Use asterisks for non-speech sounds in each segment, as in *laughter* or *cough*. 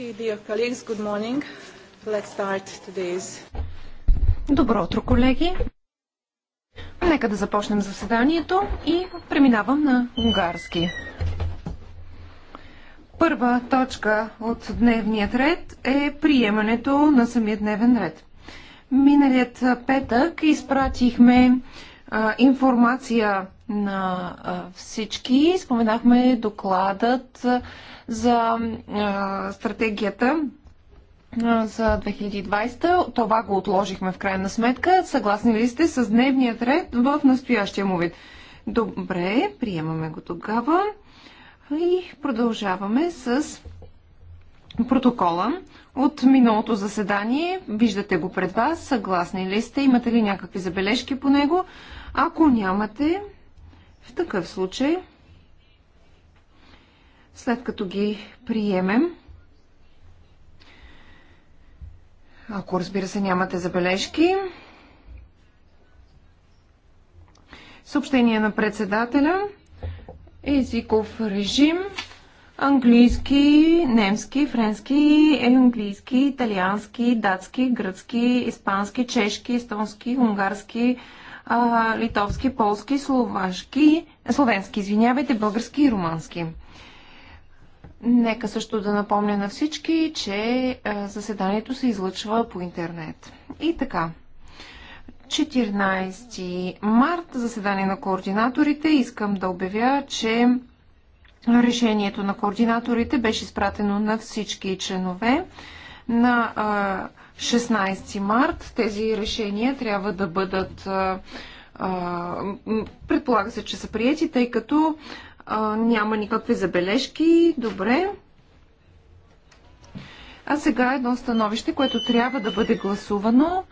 Okay, Добро утро, колеги! Нека да започнем заседанието и преминавам на унгарски. Първа точка от дневният ред е приемането на самия дневен ред. Миналият петък изпратихме информация на всички. Споменахме докладът за стратегията за 2020. Това го отложихме в крайна сметка. Съгласни ли сте с дневният ред в настоящия му вид? Добре, приемаме го тогава. И продължаваме с протокола от миналото заседание. Виждате го пред вас. Съгласни ли сте? Имате ли някакви забележки по него? Ако нямате, в такъв случай, след като ги приемем, ако разбира се нямате забележки, съобщение на председателя, езиков режим, английски, немски, френски, английски, италиански, датски, гръцки, испански, чешки, естонски, унгарски, а, литовски, полски, словашки, словенски, извинявайте, български и румански. Нека също да напомня на всички, че заседанието се излъчва по интернет. И така. 14 март, заседание на координаторите. Искам да обявя, че решението на координаторите беше изпратено на всички членове на 16 март. Тези решения трябва да бъдат. Предполага се, че са приети, тъй като няма никакви забележки. Добре. А сега едно становище, което трябва да бъде гласувано.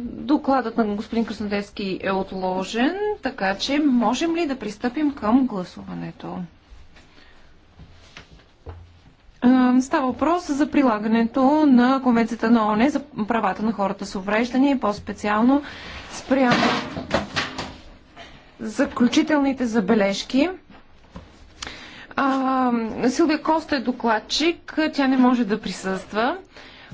Докладът на господин Краснодевски е отложен, така че можем ли да пристъпим към гласуването? Става въпрос за прилагането на Конвенцията на ОНЕ за правата на хората с увреждания и по-специално спрямо заключителните забележки. А, Силвия Коста е докладчик, тя не може да присъства.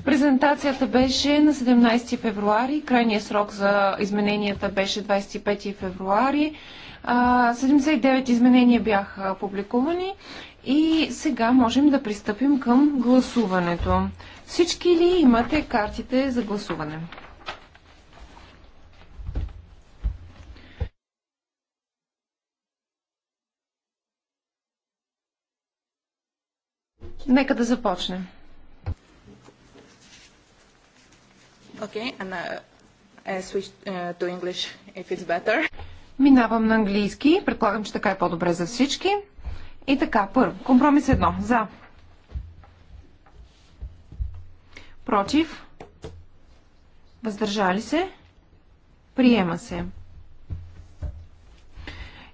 Презентацията беше на 17 февруари, крайният срок за измененията беше 25 февруари. 79 изменения бяха публикувани и сега можем да пристъпим към гласуването. Всички ли имате картите за гласуване? Нека да започнем. Okay, and uh, I switch uh, to English if it's better. Минавам на английски. Предполагам, че така е по-добре за всички. И така, първо, компромис едно. За. Против. Въздържали се. Приема се.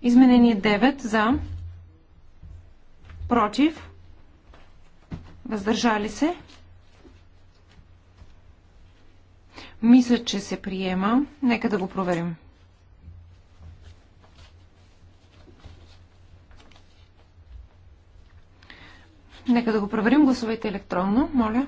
Изменение 9 за. Против. Въздържали се. Мисля, че се приема. Нека да го проверим. Нека да го проверим. Гласувайте електронно, моля.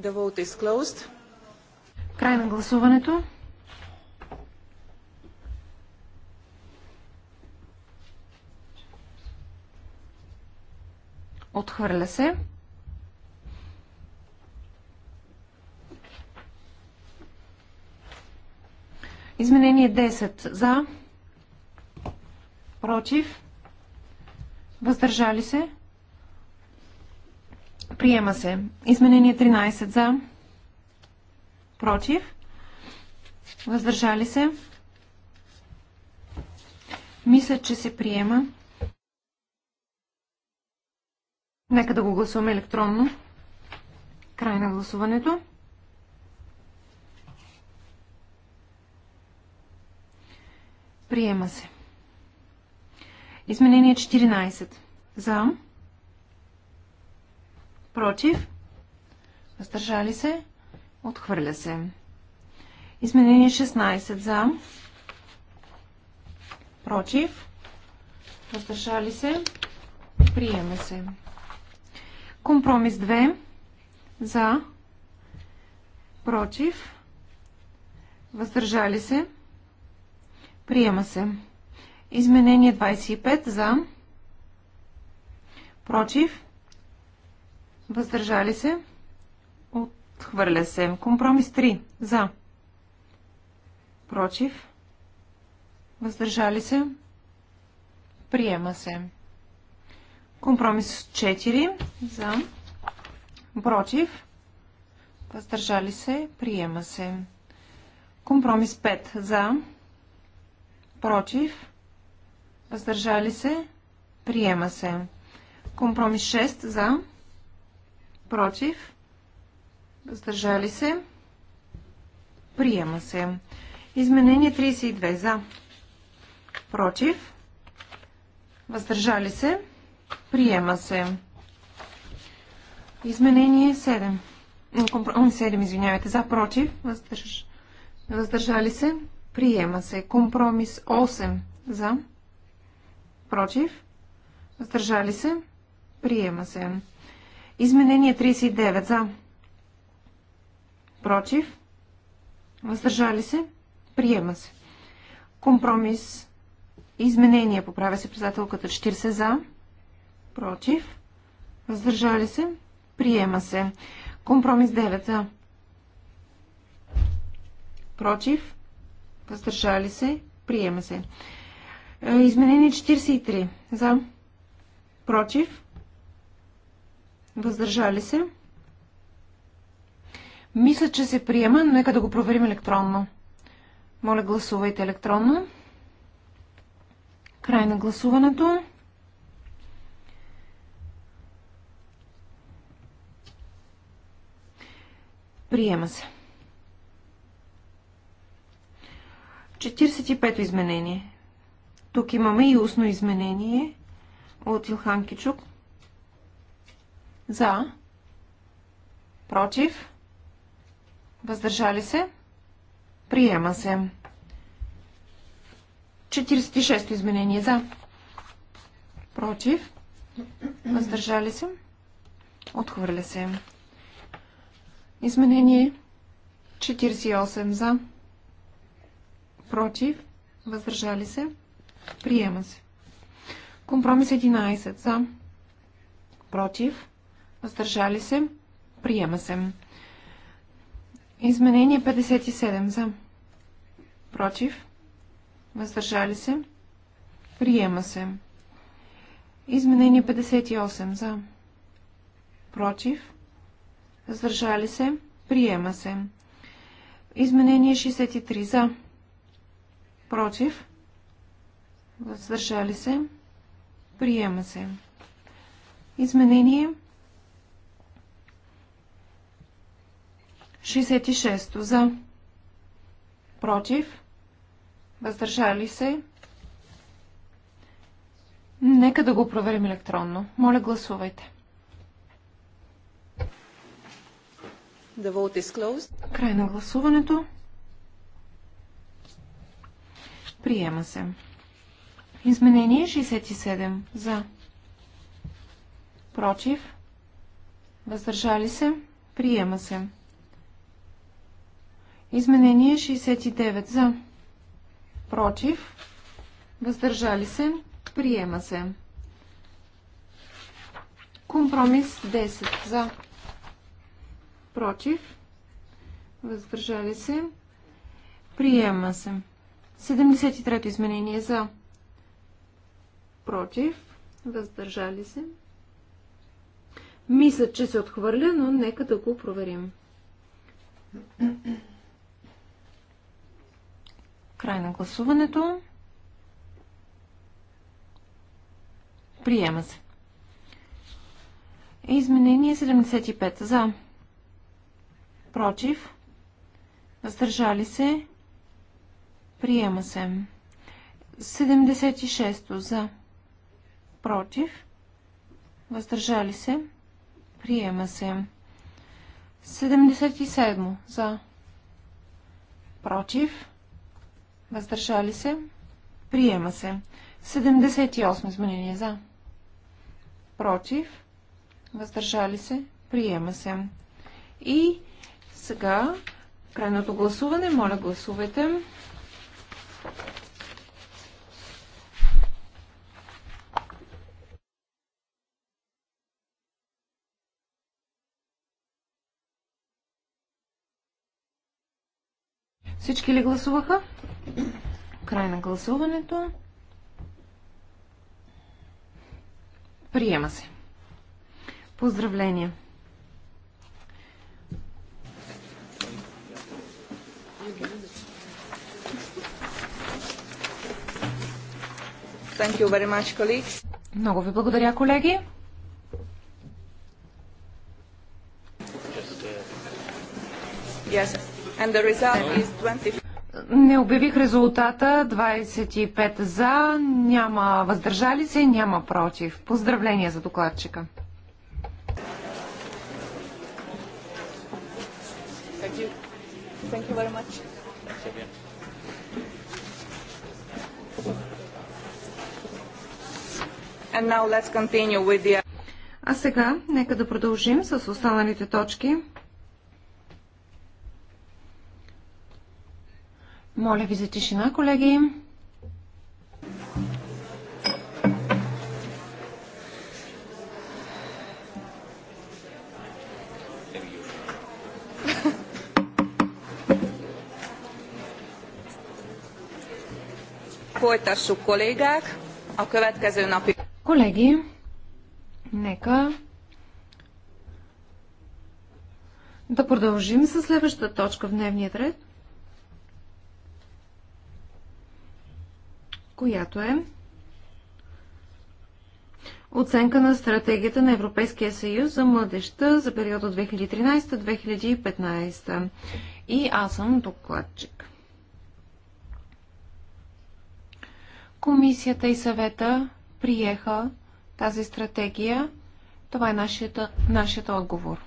The vote is closed. Край на гласуването. Отхвърля се. Изменение 10 за, против, въздържали се, приема се. Изменение 13 за, против, въздържали се, мисля, че се приема. Нека да го гласуваме електронно. Край на гласуването. Приема се. Изменение 14. За. Против. Въздържали се. Отхвърля се. Изменение 16. За. Против. Въздържали се. Приема се. Компромис 2. За. Против. Въздържали се. Приема се. Изменение 25 за. Против. Въздържали се. Отхвърля се. Компромис 3 за. Против. Въздържали се. Приема се. Компромис 4 за. Против. Въздържали се. Приема се. Компромис 5 за. Против против, въздържали се, приема се. Компромис 6 за, против, въздържали се, приема се. Изменение 32 за, против, въздържали се, приема се. Изменение 7. Компромис 7, извинявайте, за, против, въздърж... въздържали се, Приема се. Компромис 8 за. Против. Въздържали се. Приема се. Изменение 39 за. Против. Въздържали се. Приема се. Компромис. Изменение. Поправя се председателката 40 за. Против. Въздържали се. Приема се. Компромис 9 за. Против. Въздържали се. Приема се. Е, изменение 43. За. Против. Въздържали се. Мисля, че се приема, но нека да го проверим електронно. Моля, гласувайте електронно. Край на гласуването. Приема се. 45-то изменение. Тук имаме и устно изменение от Илхан Кичук. За. Против. Въздържали се. Приема се. 46-то изменение. За. Против. Въздържали се. Отхвърля се. Изменение 48 за против, въздържали се, приема се. Компромис 11 за, против, въздържали се, приема се. Изменение 57 за, против, въздържали се, приема се. Изменение 58 за, против, въздържали се, приема се. Изменение 63 за, против, въздържали се, приема се. Изменение 66 за против, въздържали се. Нека да го проверим електронно. Моля, гласувайте. The vote is closed. Край на гласуването. Приема се. Изменение 67. За. Против. Въздържали се. Приема се. Изменение 69. За. Против. Въздържали се. Приема се. Компромис 10. За. Против. Въздържали се. Приема се. 73-то изменение за против, въздържали се. Мисля, че се отхвърля, но нека да го проверим. Край на гласуването. Приема се. Изменение 75 за. Против. Въздържали се. Приема се. 76 за. Против. Въздържали се. Приема се. 77 за. Против. Въздържали се. Приема се. 78 изменение за. Против. Въздържали се. Приема се. И сега крайното гласуване. Моля гласувайте. Всички ли гласуваха? Край на гласуването. Приема се. Поздравления! Okay. Thank you very much, colleagues. Много ви благодаря, колеги. Yes. And the result is 20... Не обявих резултата. 25 за, няма въздържали се, няма против. Поздравления за докладчика. Thank you. Thank you very much. Thank you. The... А сега, нека да продължим с останалите точки. Моля ви за тишина, колеги. Folytassuk kollégák a következő napi Колеги, нека да продължим с следващата точка в дневния ред, която е оценка на стратегията на Европейския съюз за младеща за периода 2013-2015. И аз съм докладчик. Комисията и съвета приеха тази стратегия. Това е нашият, нашият отговор.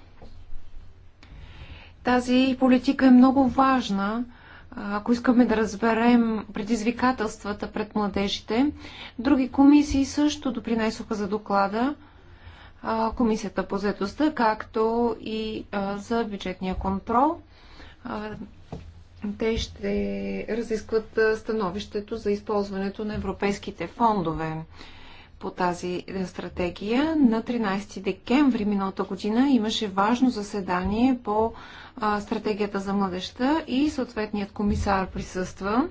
Тази политика е много важна, ако искаме да разберем предизвикателствата пред младежите. Други комисии също допринесоха за доклада. Комисията по заедостта, както и за бюджетния контрол. Те ще разискват становището за използването на европейските фондове по тази е, стратегия. На 13 декември миналата година имаше важно заседание по стратегията за младеща и съответният комисар присъства.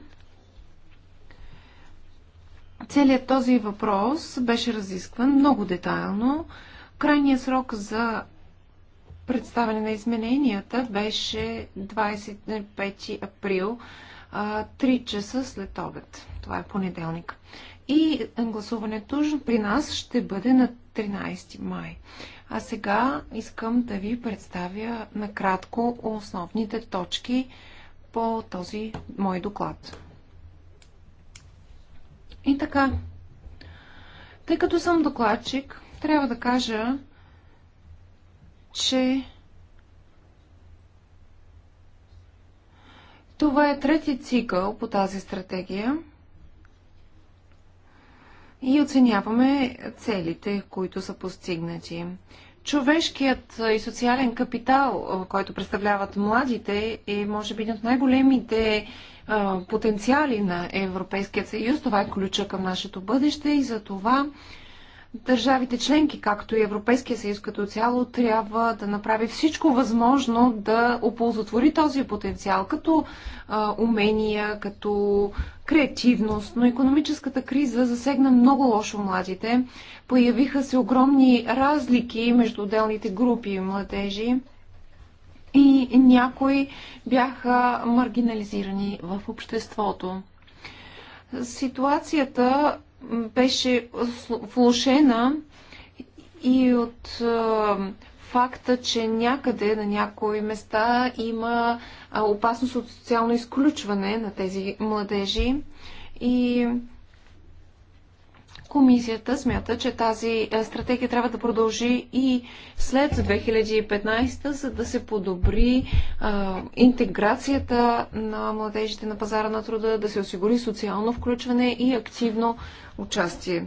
Целият този въпрос беше разискван много детайлно. Крайният срок за представяне на измененията беше 25 април, 3 часа след обед. Това е понеделник и гласуването при нас ще бъде на 13 май. А сега искам да ви представя накратко основните точки по този мой доклад. И така, тъй като съм докладчик, трябва да кажа, че това е трети цикъл по тази стратегия – и оценяваме целите, които са постигнати. Човешкият и социален капитал, който представляват младите, е може би един от най-големите потенциали на Европейския съюз. Това е ключа към нашето бъдеще и за това държавите членки, както и Европейския съюз като цяло, трябва да направи всичко възможно да оползотвори този потенциал, като а, умения, като креативност. Но економическата криза засегна много лошо младите. Появиха се огромни разлики между отделните групи младежи и някои бяха маргинализирани в обществото ситуацията беше влушена и от факта, че някъде на някои места има опасност от социално изключване на тези младежи и Комисията смята, че тази е, стратегия трябва да продължи и след 2015, за да се подобри а, е, интеграцията на младежите на пазара на труда, да се осигури социално включване и активно участие.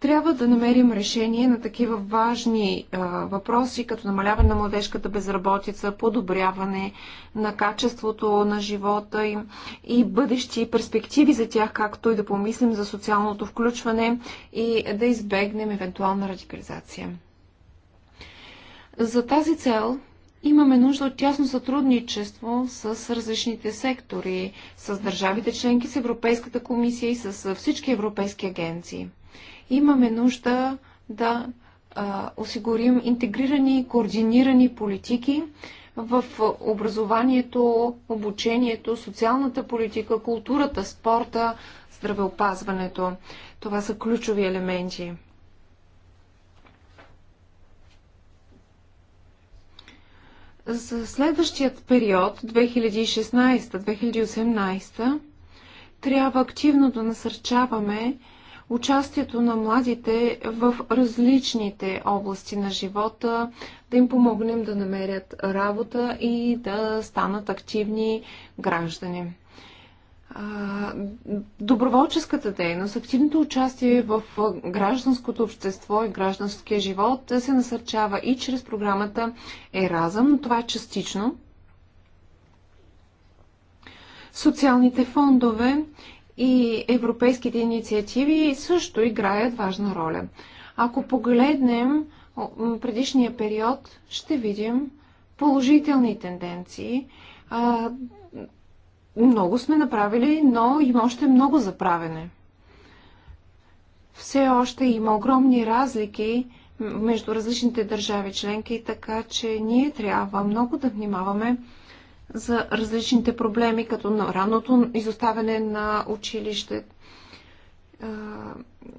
Трябва да намерим решение на такива важни а, въпроси, като намаляване на младежката безработица, подобряване на качеството на живота им и бъдещи перспективи за тях, както и да помислим за социалното включване и да избегнем евентуална радикализация. За тази цел Имаме нужда от тясно сътрудничество с различните сектори, с държавите членки, с Европейската комисия и с всички европейски агенции. Имаме нужда да а, осигурим интегрирани координирани политики в образованието, обучението, социалната политика, културата, спорта, здравеопазването. Това са ключови елементи. За следващият период 2016-2018 трябва активно да насърчаваме участието на младите в различните области на живота, да им помогнем да намерят работа и да станат активни граждани доброволческата дейност, активното участие в гражданското общество и гражданския живот се насърчава и чрез програмата Еразъм, но това е частично. Социалните фондове и европейските инициативи също играят важна роля. Ако погледнем предишния период, ще видим положителни тенденции много сме направили, но има още много за правене. Все още има огромни разлики между различните държави членки, така че ние трябва много да внимаваме за различните проблеми, като на ранното изоставяне на училище,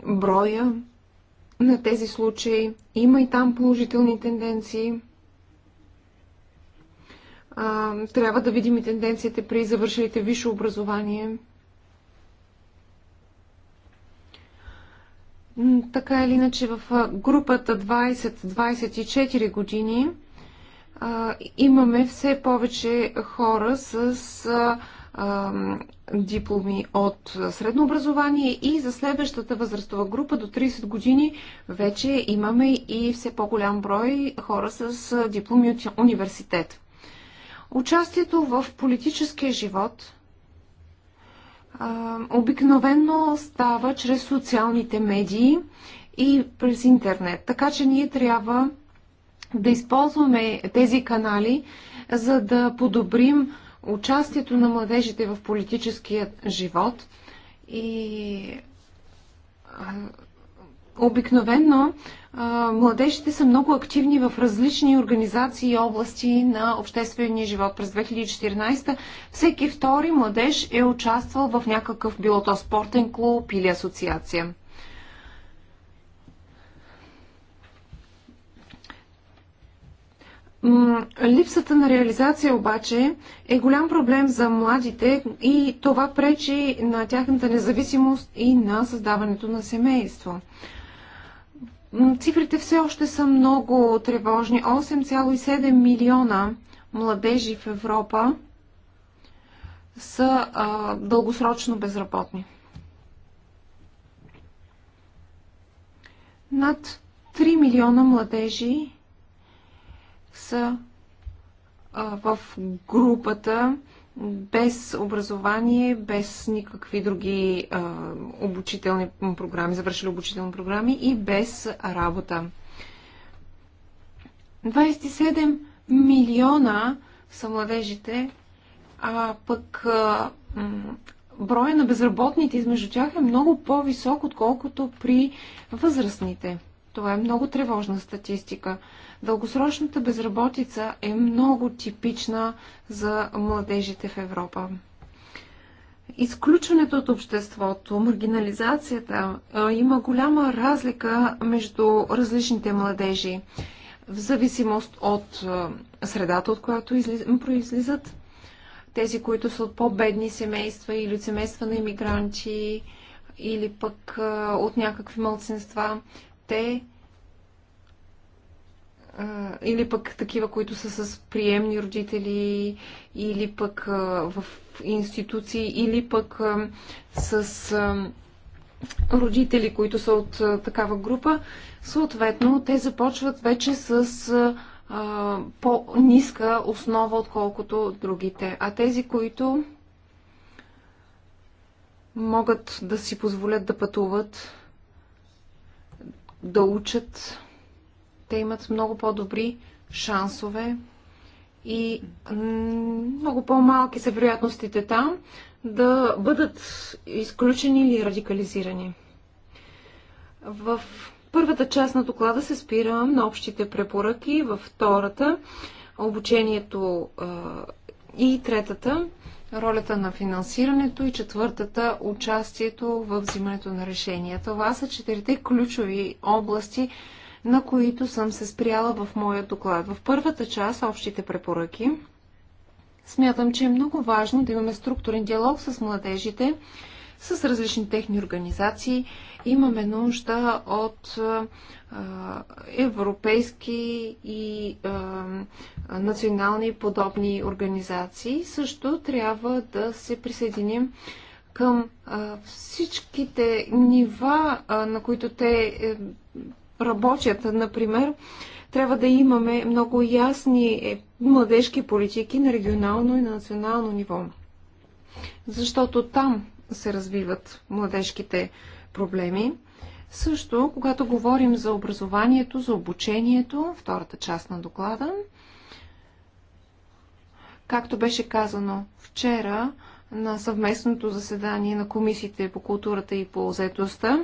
броя на тези случаи. Има и там положителни тенденции. А, трябва да видим и тенденциите при завършилите висше образование. Така или иначе в групата 20-24 години а, имаме все повече хора с а, дипломи от средно образование и за следващата възрастова група до 30 години вече имаме и все по-голям брой хора с дипломи от университет. Участието в политическия живот а, обикновенно става чрез социалните медии и през интернет. Така че ние трябва да използваме тези канали, за да подобрим участието на младежите в политическия живот и обикновено младежите са много активни в различни организации и области на обществения живот. През 2014 всеки втори младеж е участвал в някакъв било то спортен клуб или асоциация. Липсата на реализация обаче е голям проблем за младите и това пречи на тяхната независимост и на създаването на семейство. Цифрите все още са много тревожни. 8,7 милиона младежи в Европа са а, дългосрочно безработни. Над 3 милиона младежи са а, в групата без образование, без никакви други а, обучителни програми, завършили обучителни програми и без работа. 27 милиона са младежите, а пък а, броя на безработните измежду тях е много по-висок, отколкото при възрастните. Това е много тревожна статистика. Дългосрочната безработица е много типична за младежите в Европа. Изключването от обществото, маргинализацията, има голяма разлика между различните младежи в зависимост от средата, от която произлизат. Тези, които са от по-бедни семейства или от семейства на иммигранти, или пък от някакви мълцинства те или пък такива, които са с приемни родители, или пък в институции, или пък с родители, които са от такава група, съответно те започват вече с по-ниска основа, отколкото другите. А тези, които могат да си позволят да пътуват да учат. Те имат много по-добри шансове и много по-малки са вероятностите там да бъдат изключени или радикализирани. В първата част на доклада се спирам на общите препоръки, във втората обучението и третата ролята на финансирането и четвъртата участието в взимането на решения. Това са четирите ключови области, на които съм се спряла в моя доклад. В първата част, общите препоръки, смятам, че е много важно да имаме структурен диалог с младежите с различни техни организации. Имаме нужда от европейски и национални подобни организации. Също трябва да се присъединим към всичките нива, на които те е, работят. Например, трябва да имаме много ясни е, младежки политики на регионално и на национално ниво. Защото там се развиват младежките проблеми. Също, когато говорим за образованието, за обучението, втората част на доклада, както беше казано вчера на съвместното заседание на комисиите по културата и по заедостта,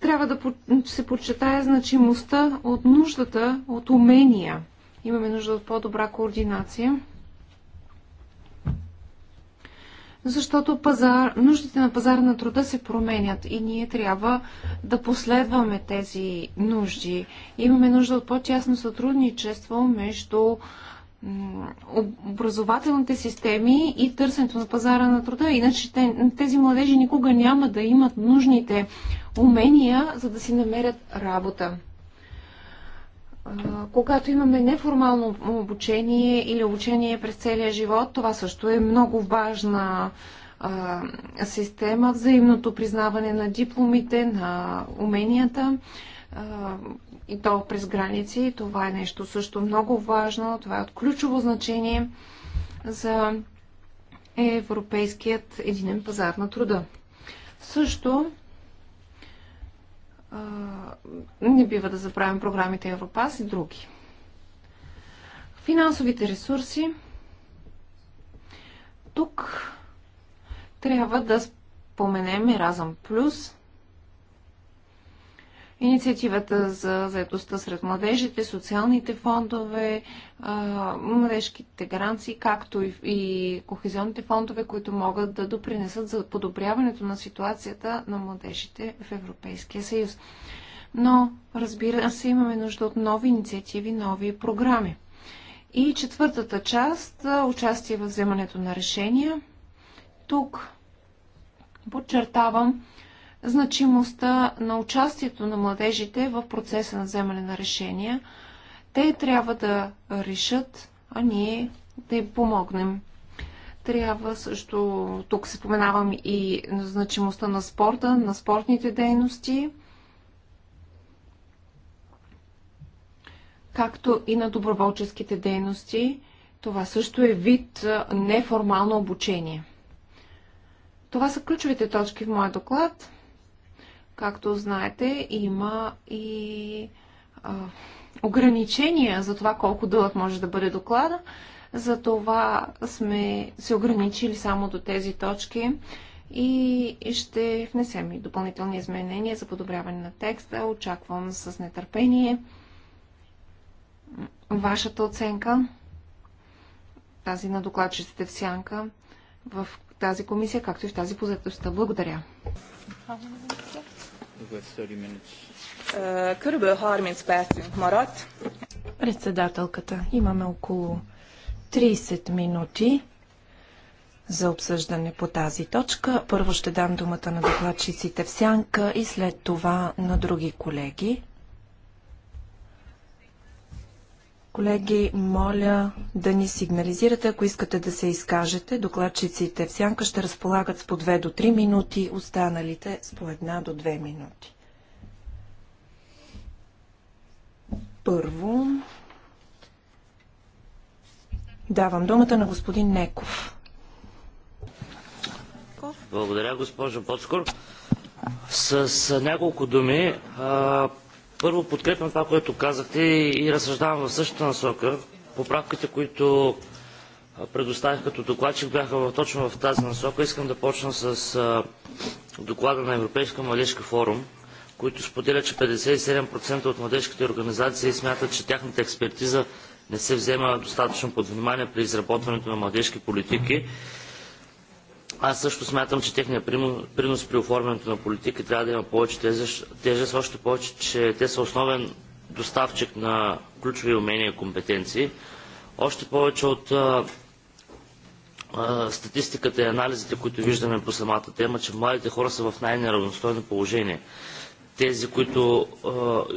трябва да се подчетая значимостта от нуждата от умения. Имаме нужда от по-добра координация защото пазар, нуждите на пазара на труда се променят и ние трябва да последваме тези нужди. Имаме нужда от по-тясно сътрудничество между образователните системи и търсенето на пазара на труда. Иначе тези младежи никога няма да имат нужните умения, за да си намерят работа когато имаме неформално обучение или обучение през целия живот, това също е много важна а, система, взаимното признаване на дипломите, на уменията а, и то през граници. Това е нещо също много важно, това е от ключово значение за европейският единен пазар на труда. Също не бива да забравим програмите Европас и други. Финансовите ресурси. Тук трябва да споменем Еразъм Плюс, инициативата за заедостта сред младежите, социалните фондове, младежките гаранции, както и кохезионните фондове, които могат да допринесат за подобряването на ситуацията на младежите в Европейския съюз. Но, разбира се, имаме нужда от нови инициативи, нови програми. И четвъртата част участие в вземането на решения. Тук подчертавам, значимостта на участието на младежите в процеса на вземане на решения. Те трябва да решат, а ние да им помогнем. Трябва също, тук се споменавам и значимостта на спорта, на спортните дейности, както и на доброволческите дейности. Това също е вид неформално обучение. Това са ключовите точки в моя доклад. Както знаете, има и а, ограничения за това колко дълъг може да бъде доклада. За това сме се ограничили само до тези точки и ще внесем и допълнителни изменения за подобряване на текста. Очаквам с нетърпение вашата оценка, тази на докладчиците в сянка, в тази комисия, както и в тази позетостта. Благодаря. Körülbelül 30 percünk maradt. Председателката, имаме около 30 минути за обсъждане по тази точка. Първо ще дам думата на докладчиците в сянка и след това на други колеги. Колеги, моля да ни сигнализирате, ако искате да се изкажете. Докладчиците в сянка ще разполагат с по 2 до 3 минути, останалите с по 1 до 2 минути. Първо давам думата на господин Неков. Благодаря, госпожо Подскор. С няколко думи а първо подкрепям това, което казахте и разсъждавам в същата насока. Поправките, които предоставих като докладчик, бяха точно в тази насока. Искам да почна с доклада на Европейска младежка форум, които споделя, че 57% от младежките организации смятат, че тяхната експертиза не се взема достатъчно под внимание при изработването на младежки политики. Mm-hmm аз също смятам, че техният принос при оформянето на политики трябва да има повече тежест, още повече, че те са основен доставчик на ключови умения и компетенции. Още повече от а, а, статистиката и анализите, които виждаме по самата тема, че младите хора са в най-неравностойно положение. Тези, които, а,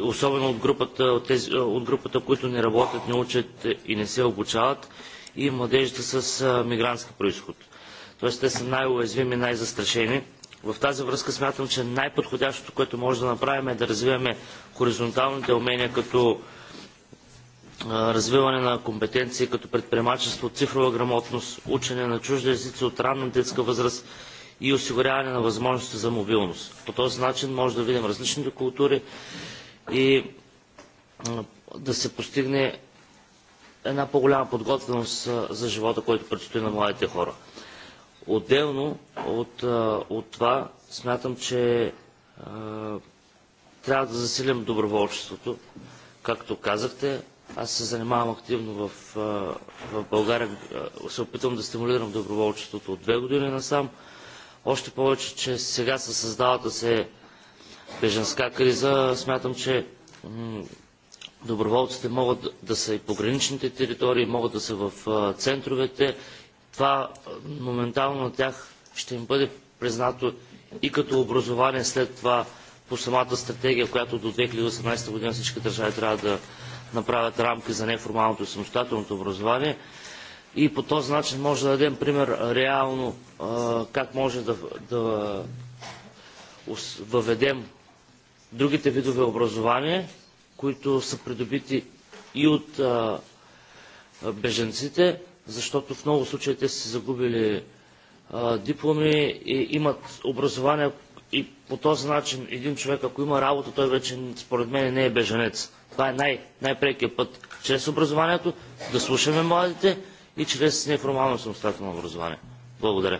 особено от групата, от, тези, от групата, които не работят, не учат и не се обучават, и младежите с мигрантски происход – т.е. те са най-уязвими, най-застрашени. В тази връзка смятам, че най-подходящото, което може да направим е да развиваме хоризонталните умения като развиване на компетенции като предприемачество, цифрова грамотност, учене на чужди езици от ранна детска възраст и осигуряване на възможности за мобилност. По този начин може да видим различните култури и да се постигне една по-голяма подготвеност за живота, който предстои на младите хора. Отделно от, от това смятам, че трябва да засилим доброволчеството. Както казахте, аз се занимавам активно в, в България, се опитвам да стимулирам доброволчеството от две години насам. Още повече, че сега със създалата се беженска криза, смятам, че доброволците могат да са и пограничните територии, могат да са в центровете това моментално от тях ще им бъде признато и като образование след това по самата стратегия, която до 2018 година всички държави трябва да направят рамки за неформалното и самостоятелното образование. И по този начин може да дадем пример реално как може да, да въведем другите видове образование, които са придобити и от беженците, защото в много случаи те са загубили а, дипломи и имат образование и по този начин един човек, ако има работа, той вече според мен не е беженец. Това е най- най-прекият път. Чрез образованието да слушаме младите и чрез неформално самостоятелно образование. Благодаря.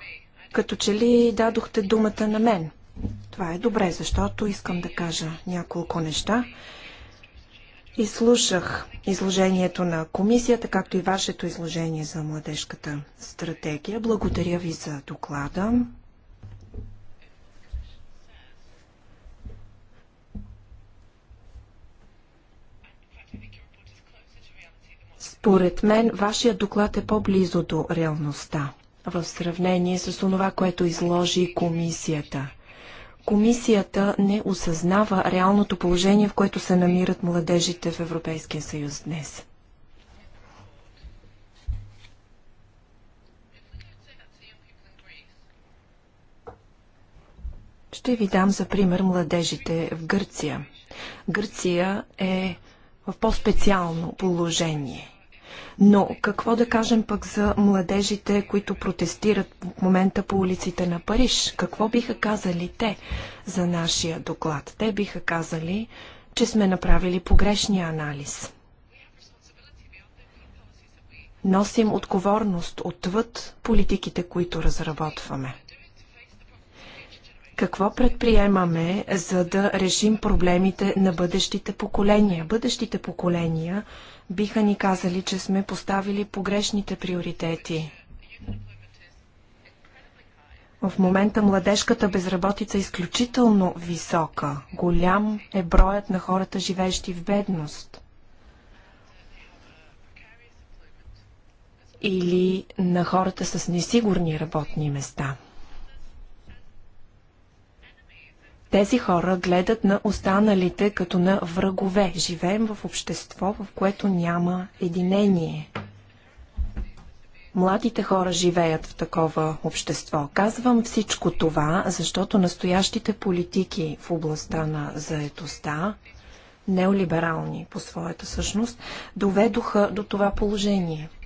Като че ли дадохте думата на мен. Това е добре, защото искам да кажа няколко неща. Изслушах изложението на комисията, както и вашето изложение за младежката стратегия. Благодаря ви за доклада. Според мен, вашия доклад е по-близо до реалността в сравнение с това, което изложи комисията. Комисията не осъзнава реалното положение, в което се намират младежите в Европейския съюз днес. Ще ви дам за пример младежите в Гърция. Гърция е в по-специално положение. Но какво да кажем пък за младежите, които протестират в момента по улиците на Париж? Какво биха казали те за нашия доклад? Те биха казали, че сме направили погрешния анализ. Носим отговорност отвъд политиките, които разработваме какво предприемаме, за да решим проблемите на бъдещите поколения? Бъдещите поколения биха ни казали, че сме поставили погрешните приоритети. В момента младежката безработица е изключително висока. Голям е броят на хората, живеещи в бедност. Или на хората с несигурни работни места. Тези хора гледат на останалите като на врагове. Живеем в общество, в което няма единение. Младите хора живеят в такова общество. Казвам всичко това, защото настоящите политики в областта на заетостта, неолиберални по своята същност, доведоха до това положение –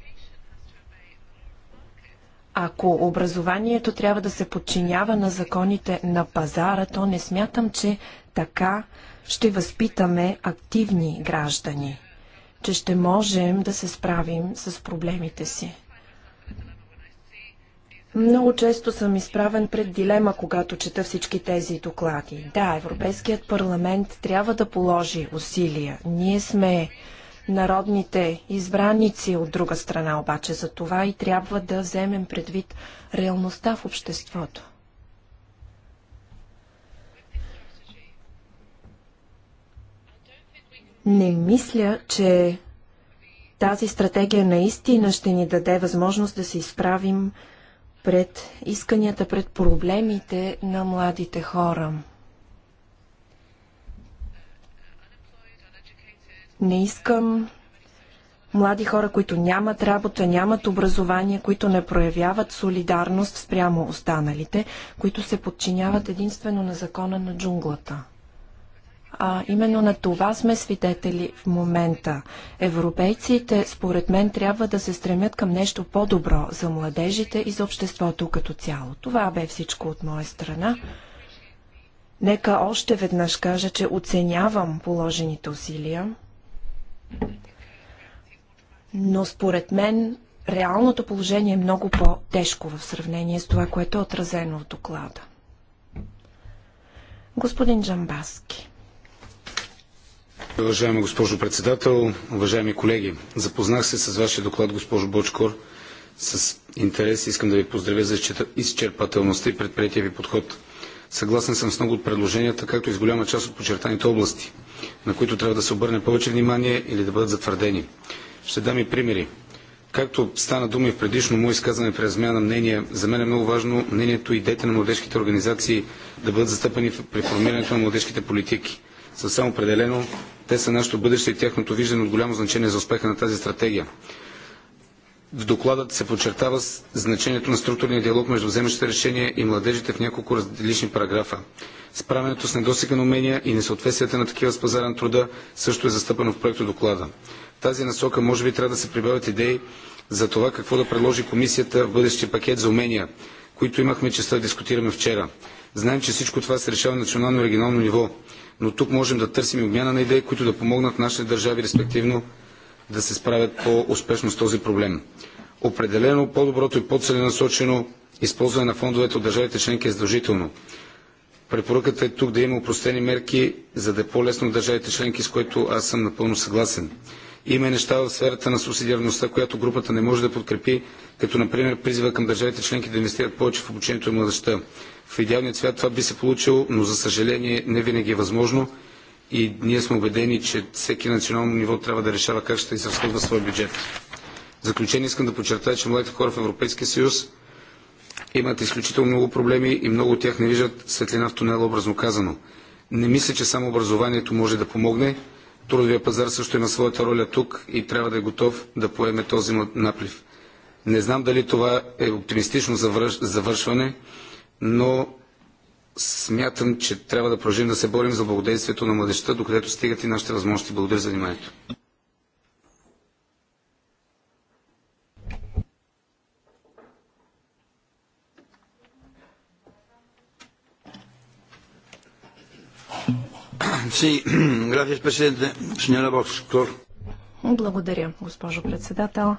ако образованието трябва да се подчинява на законите на пазара, то не смятам, че така ще възпитаме активни граждани, че ще можем да се справим с проблемите си. Много често съм изправен пред дилема, когато чета всички тези доклади. Да, Европейският парламент трябва да положи усилия. Ние сме народните избраници от друга страна обаче. За това и трябва да вземем предвид реалността в обществото. Не мисля, че тази стратегия наистина ще ни даде възможност да се изправим пред исканията, пред проблемите на младите хора. Не искам млади хора, които нямат работа, нямат образование, които не проявяват солидарност спрямо останалите, които се подчиняват единствено на закона на джунглата. А именно на това сме свидетели в момента. Европейците, според мен, трябва да се стремят към нещо по-добро за младежите и за обществото като цяло. Това бе всичко от моя страна. Нека още веднъж кажа, че оценявам положените усилия но според мен реалното положение е много по-тежко в сравнение с това, което е отразено в доклада. Господин Джамбаски. Уважаема госпожо председател, уважаеми колеги, запознах се с вашия доклад, госпожо Бочкор. С интерес искам да ви поздравя за изчерпателността и предприятия ви подход. Съгласен съм с много от предложенията, както и с голяма част от почертаните области, на които трябва да се обърне повече внимание или да бъдат затвърдени. Ще дам и примери. Както стана дума и в предишно мое изказване при размяна мнение, мнения, за мен е много важно мнението и идеите на младежките организации да бъдат застъпени при формирането на младежките политики. Съвсем определено, те са нашето бъдеще и тяхното виждане от голямо значение за успеха на тази стратегия. В докладът се подчертава значението на структурния диалог между вземащите решения и младежите в няколко различни параграфа. Справянето с недосига на умения и несъответствията на такива с пазара на труда също е застъпено в проекта доклада. В тази насока може би трябва да се прибавят идеи за това какво да предложи комисията в бъдещия пакет за умения, които имахме честа да дискутираме вчера. Знаем, че всичко това се решава на национално и регионално ниво, но тук можем да търсим и обмяна на идеи, които да помогнат нашите държави, респективно да се справят по-успешно с този проблем. Определено по-доброто и по-целенасочено използване на фондовете от държавите членки е задължително. Препоръката е тук да има упростени мерки, за да е по-лесно от държавите членки, с което аз съм напълно съгласен. Има и неща в сферата на субсидиарността, която групата не може да подкрепи, като например призива към държавите членки да инвестират повече в обучението и младеща. В идеалния цвят това би се получило, но за съжаление не винаги е възможно и ние сме убедени, че всеки национално ниво трябва да решава как ще изразходва своя бюджет. В заключение искам да подчертая, че младите хора в Европейския съюз имат изключително много проблеми и много от тях не виждат светлина в тунела, образно казано. Не мисля, че само образованието може да помогне. Трудовия пазар също има своята роля тук и трябва да е готов да поеме този наплив. Не знам дали това е оптимистично завършване, но смятам, че трябва да продължим да се борим за благодействието на младежта, докъдето стигат и нашите възможности. Благодаря за вниманието. Благодаря, госпожо председател.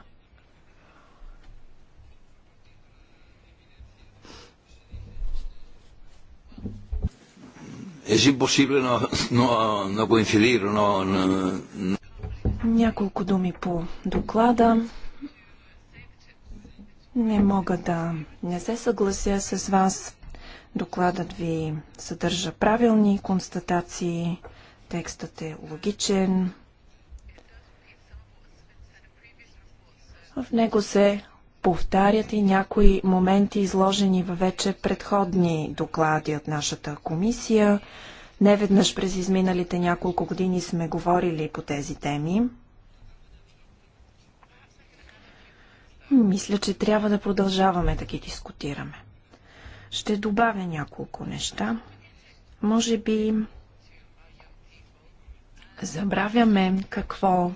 Es imposible no, no, no coincidir, no, no, no. Няколко думи по доклада. Не мога да не се съглася с вас. Докладът ви съдържа правилни констатации, текстът е логичен. В него се повтарят и някои моменти, изложени във вече предходни доклади от нашата комисия. Неведнъж през изминалите няколко години сме говорили по тези теми. Мисля, че трябва да продължаваме да ги дискутираме. Ще добавя няколко неща. Може би забравяме какво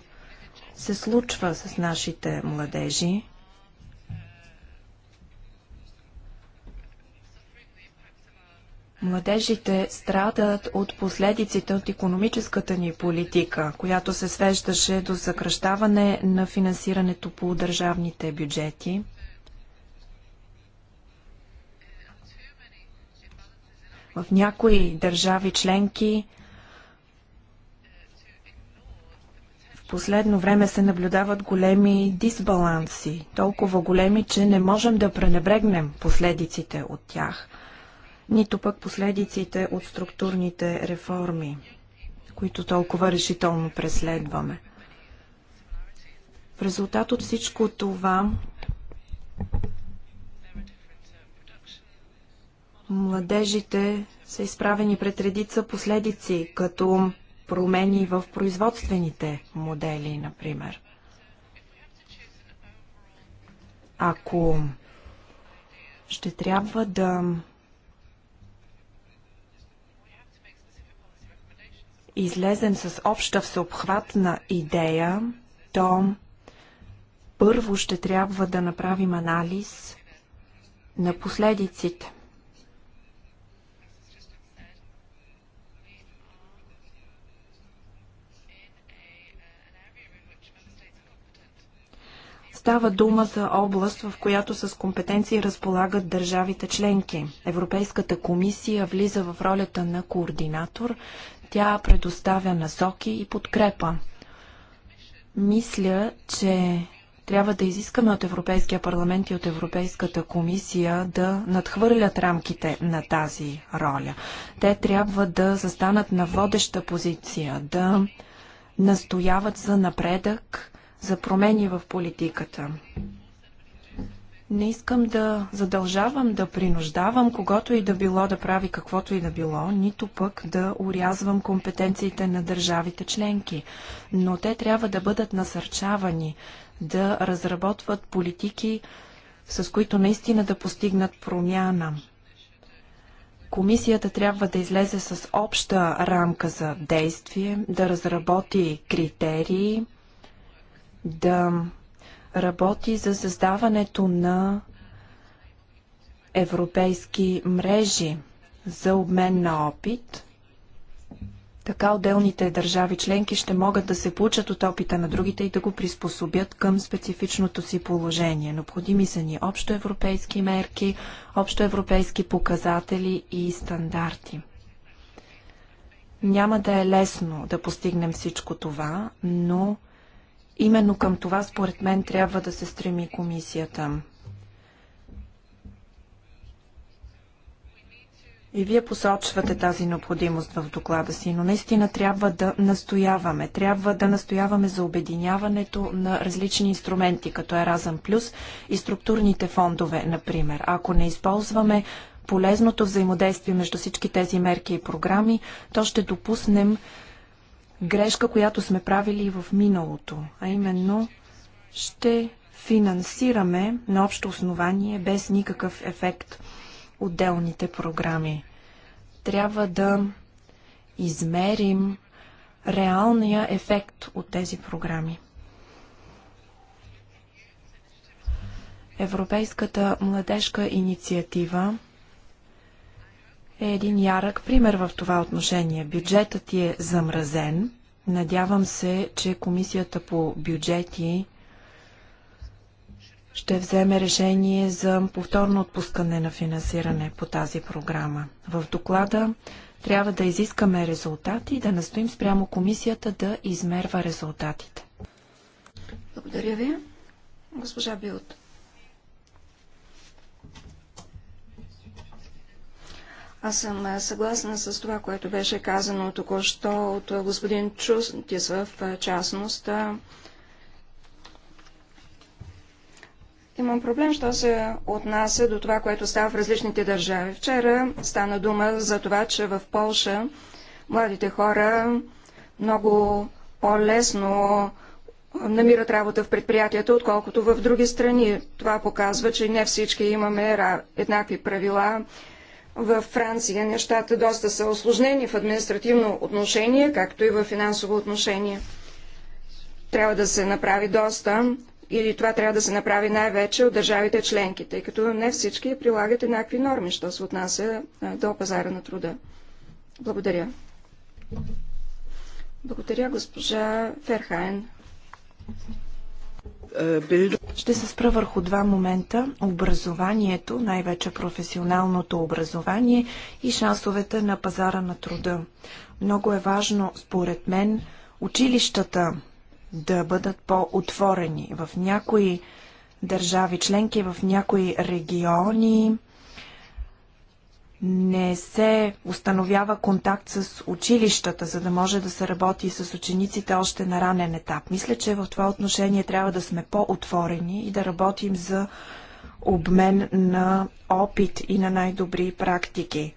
се случва с нашите младежи. Младежите страдат от последиците от економическата ни политика, която се свеждаше до съкръщаване на финансирането по държавните бюджети. В някои държави членки в последно време се наблюдават големи дисбаланси, толкова големи, че не можем да пренебрегнем последиците от тях нито пък последиците от структурните реформи, които толкова решително преследваме. В резултат от всичко това младежите са изправени пред редица последици, като промени в производствените модели, например. Ако ще трябва да излезем с обща всеобхватна идея, то първо ще трябва да направим анализ на последиците. Става дума за област, в която с компетенции разполагат държавите членки. Европейската комисия влиза в ролята на координатор. Тя предоставя насоки и подкрепа. Мисля, че трябва да изискаме от Европейския парламент и от Европейската комисия да надхвърлят рамките на тази роля. Те трябва да застанат на водеща позиция, да настояват за напредък, за промени в политиката. Не искам да задължавам, да принуждавам когато и да било да прави каквото и да било, нито пък да урязвам компетенциите на държавите членки. Но те трябва да бъдат насърчавани да разработват политики, с които наистина да постигнат промяна. Комисията трябва да излезе с обща рамка за действие, да разработи критерии, да работи за създаването на европейски мрежи за обмен на опит. Така отделните държави членки ще могат да се получат от опита на другите и да го приспособят към специфичното си положение. Необходими са ни общоевропейски мерки, общоевропейски показатели и стандарти. Няма да е лесно да постигнем всичко това, но Именно към това, според мен, трябва да се стреми комисията. И вие посочвате тази необходимост в доклада си, но наистина трябва да настояваме. Трябва да настояваме за обединяването на различни инструменти, като Еразъм Плюс и структурните фондове, например. Ако не използваме полезното взаимодействие между всички тези мерки и програми, то ще допуснем грешка, която сме правили и в миналото, а именно ще финансираме на общо основание без никакъв ефект отделните програми. Трябва да измерим реалния ефект от тези програми. Европейската младежка инициатива е един ярък пример в това отношение. Бюджетът ти е замразен. Надявам се, че комисията по бюджети ще вземе решение за повторно отпускане на финансиране по тази програма. В доклада трябва да изискаме резултати и да настоим спрямо комисията да измерва резултатите. Благодаря ви. Госпожа Билт. Аз съм съгласна с това, което беше казано току-що от господин Чустис в частност. Имам проблем, що се отнася до това, което става в различните държави. Вчера стана дума за това, че в Полша младите хора много по-лесно намират работа в предприятията, отколкото в други страни. Това показва, че не всички имаме еднакви правила във Франция нещата доста са осложнени в административно отношение, както и в финансово отношение. Трябва да се направи доста, или това трябва да се направи най-вече от държавите членки, тъй като не всички прилагат еднакви норми, що се отнася до пазара на труда. Благодаря. Благодаря, госпожа Ферхайн. Ще се спра върху два момента – образованието, най-вече професионалното образование и шансовете на пазара на труда. Много е важно, според мен, училищата да бъдат по-отворени. В някои държави членки, в някои региони не се установява контакт с училищата, за да може да се работи с учениците още на ранен етап. Мисля, че в това отношение трябва да сме по-отворени и да работим за обмен на опит и на най-добри практики.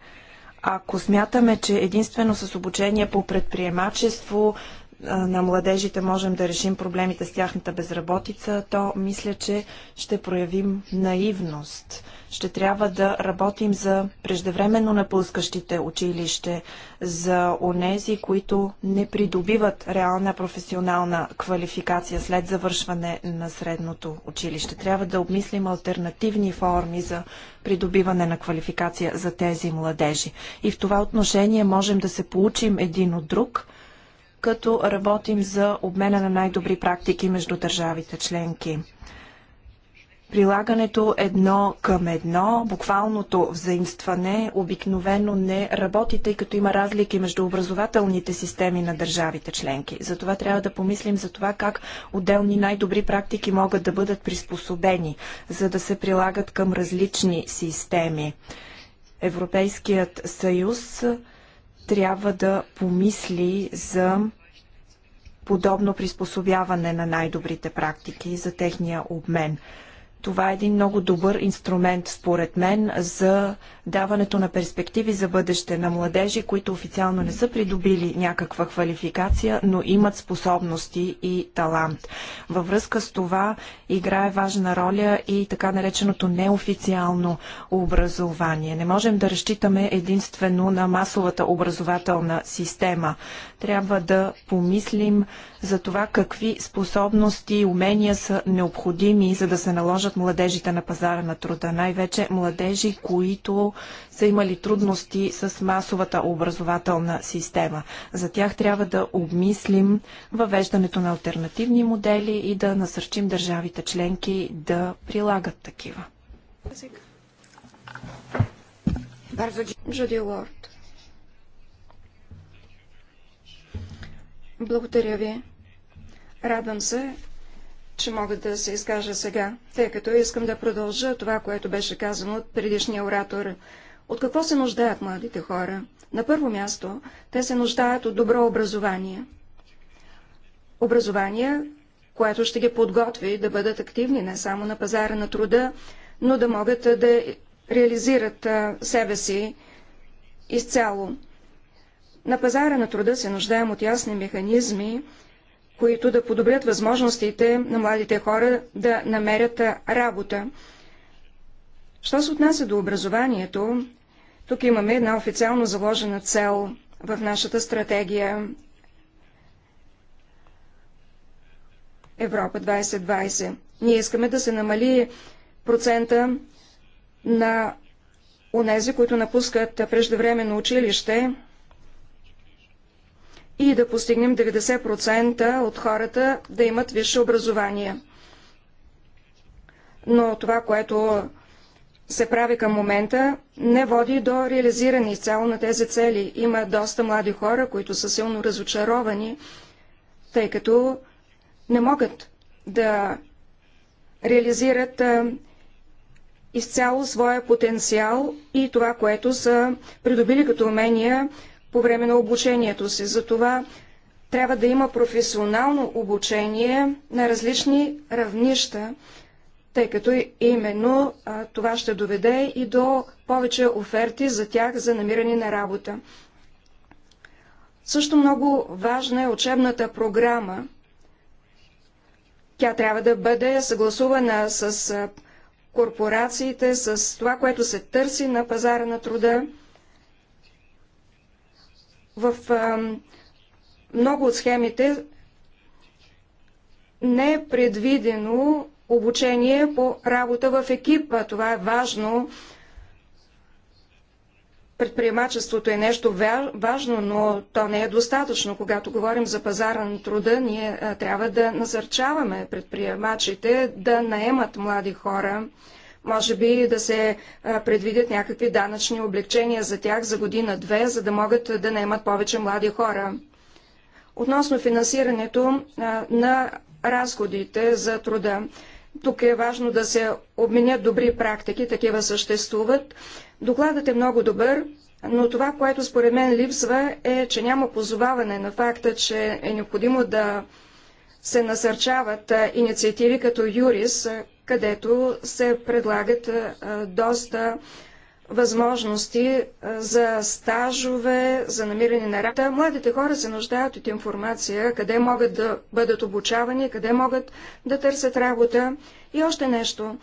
Ако смятаме, че единствено с обучение по предприемачество на младежите можем да решим проблемите с тяхната безработица, то мисля, че ще проявим наивност – ще трябва да работим за преждевременно напускащите училище, за онези, които не придобиват реална професионална квалификация след завършване на средното училище. Трябва да обмислим альтернативни форми за придобиване на квалификация за тези младежи. И в това отношение можем да се получим един от друг – като работим за обмена на най-добри практики между държавите членки прилагането едно към едно, буквалното взаимстване обикновено не работи, тъй като има разлики между образователните системи на държавите членки. Затова трябва да помислим за това как отделни най-добри практики могат да бъдат приспособени, за да се прилагат към различни системи. Европейският съюз трябва да помисли за подобно приспособяване на най-добрите практики за техния обмен. Това е един много добър инструмент, според мен, за даването на перспективи за бъдеще на младежи, които официално не са придобили някаква квалификация, но имат способности и талант. Във връзка с това играе важна роля и така нареченото неофициално образование. Не можем да разчитаме единствено на масовата образователна система. Трябва да помислим за това какви способности и умения са необходими, за да се наложат от младежите на пазара на труда, най-вече младежи, които са имали трудности с масовата образователна система. За тях трябва да обмислим въвеждането на альтернативни модели и да насърчим държавите членки да прилагат такива. Джуди Лорд. Благодаря ви. Радвам се, че мога да се изкажа сега, тъй като искам да продължа това, което беше казано от предишния оратор. От какво се нуждаят младите хора? На първо място, те се нуждаят от добро образование. Образование, което ще ги подготви да бъдат активни не само на пазара на труда, но да могат да реализират себе си изцяло. На пазара на труда се нуждаем от ясни механизми, които да подобрят възможностите на младите хора да намерят работа. Що се отнася до образованието, тук имаме една официално заложена цел в нашата стратегия Европа 2020. Ние искаме да се намали процента на онези, които напускат преждевременно училище и да постигнем 90% от хората да имат висше образование. Но това, което се прави към момента, не води до реализиране изцяло на тези цели. Има доста млади хора, които са силно разочаровани, тъй като не могат да реализират изцяло своя потенциал и това, което са придобили като умения по време на обучението си. Затова трябва да има професионално обучение на различни равнища, тъй като именно а, това ще доведе и до повече оферти за тях за намиране на работа. Също много важна е учебната програма. Тя трябва да бъде съгласувана с корпорациите, с това, което се търси на пазара на труда. В много от схемите не е предвидено обучение по работа в екипа. Това е важно. Предприемачеството е нещо важно, но то не е достатъчно. Когато говорим за пазара на труда, ние трябва да насърчаваме предприемачите да наемат млади хора. Може би да се предвидят някакви данъчни облегчения за тях за година-две, за да могат да наемат повече млади хора. Относно финансирането на разходите за труда. Тук е важно да се обменят добри практики, такива съществуват. Докладът е много добър, но това, което според мен липсва е, че няма позоваване на факта, че е необходимо да се насърчават инициативи като Юрис, където се предлагат доста възможности за стажове, за намиране на работа. Младите хора се нуждаят от информация, къде могат да бъдат обучавани, къде могат да търсят работа. И още нещо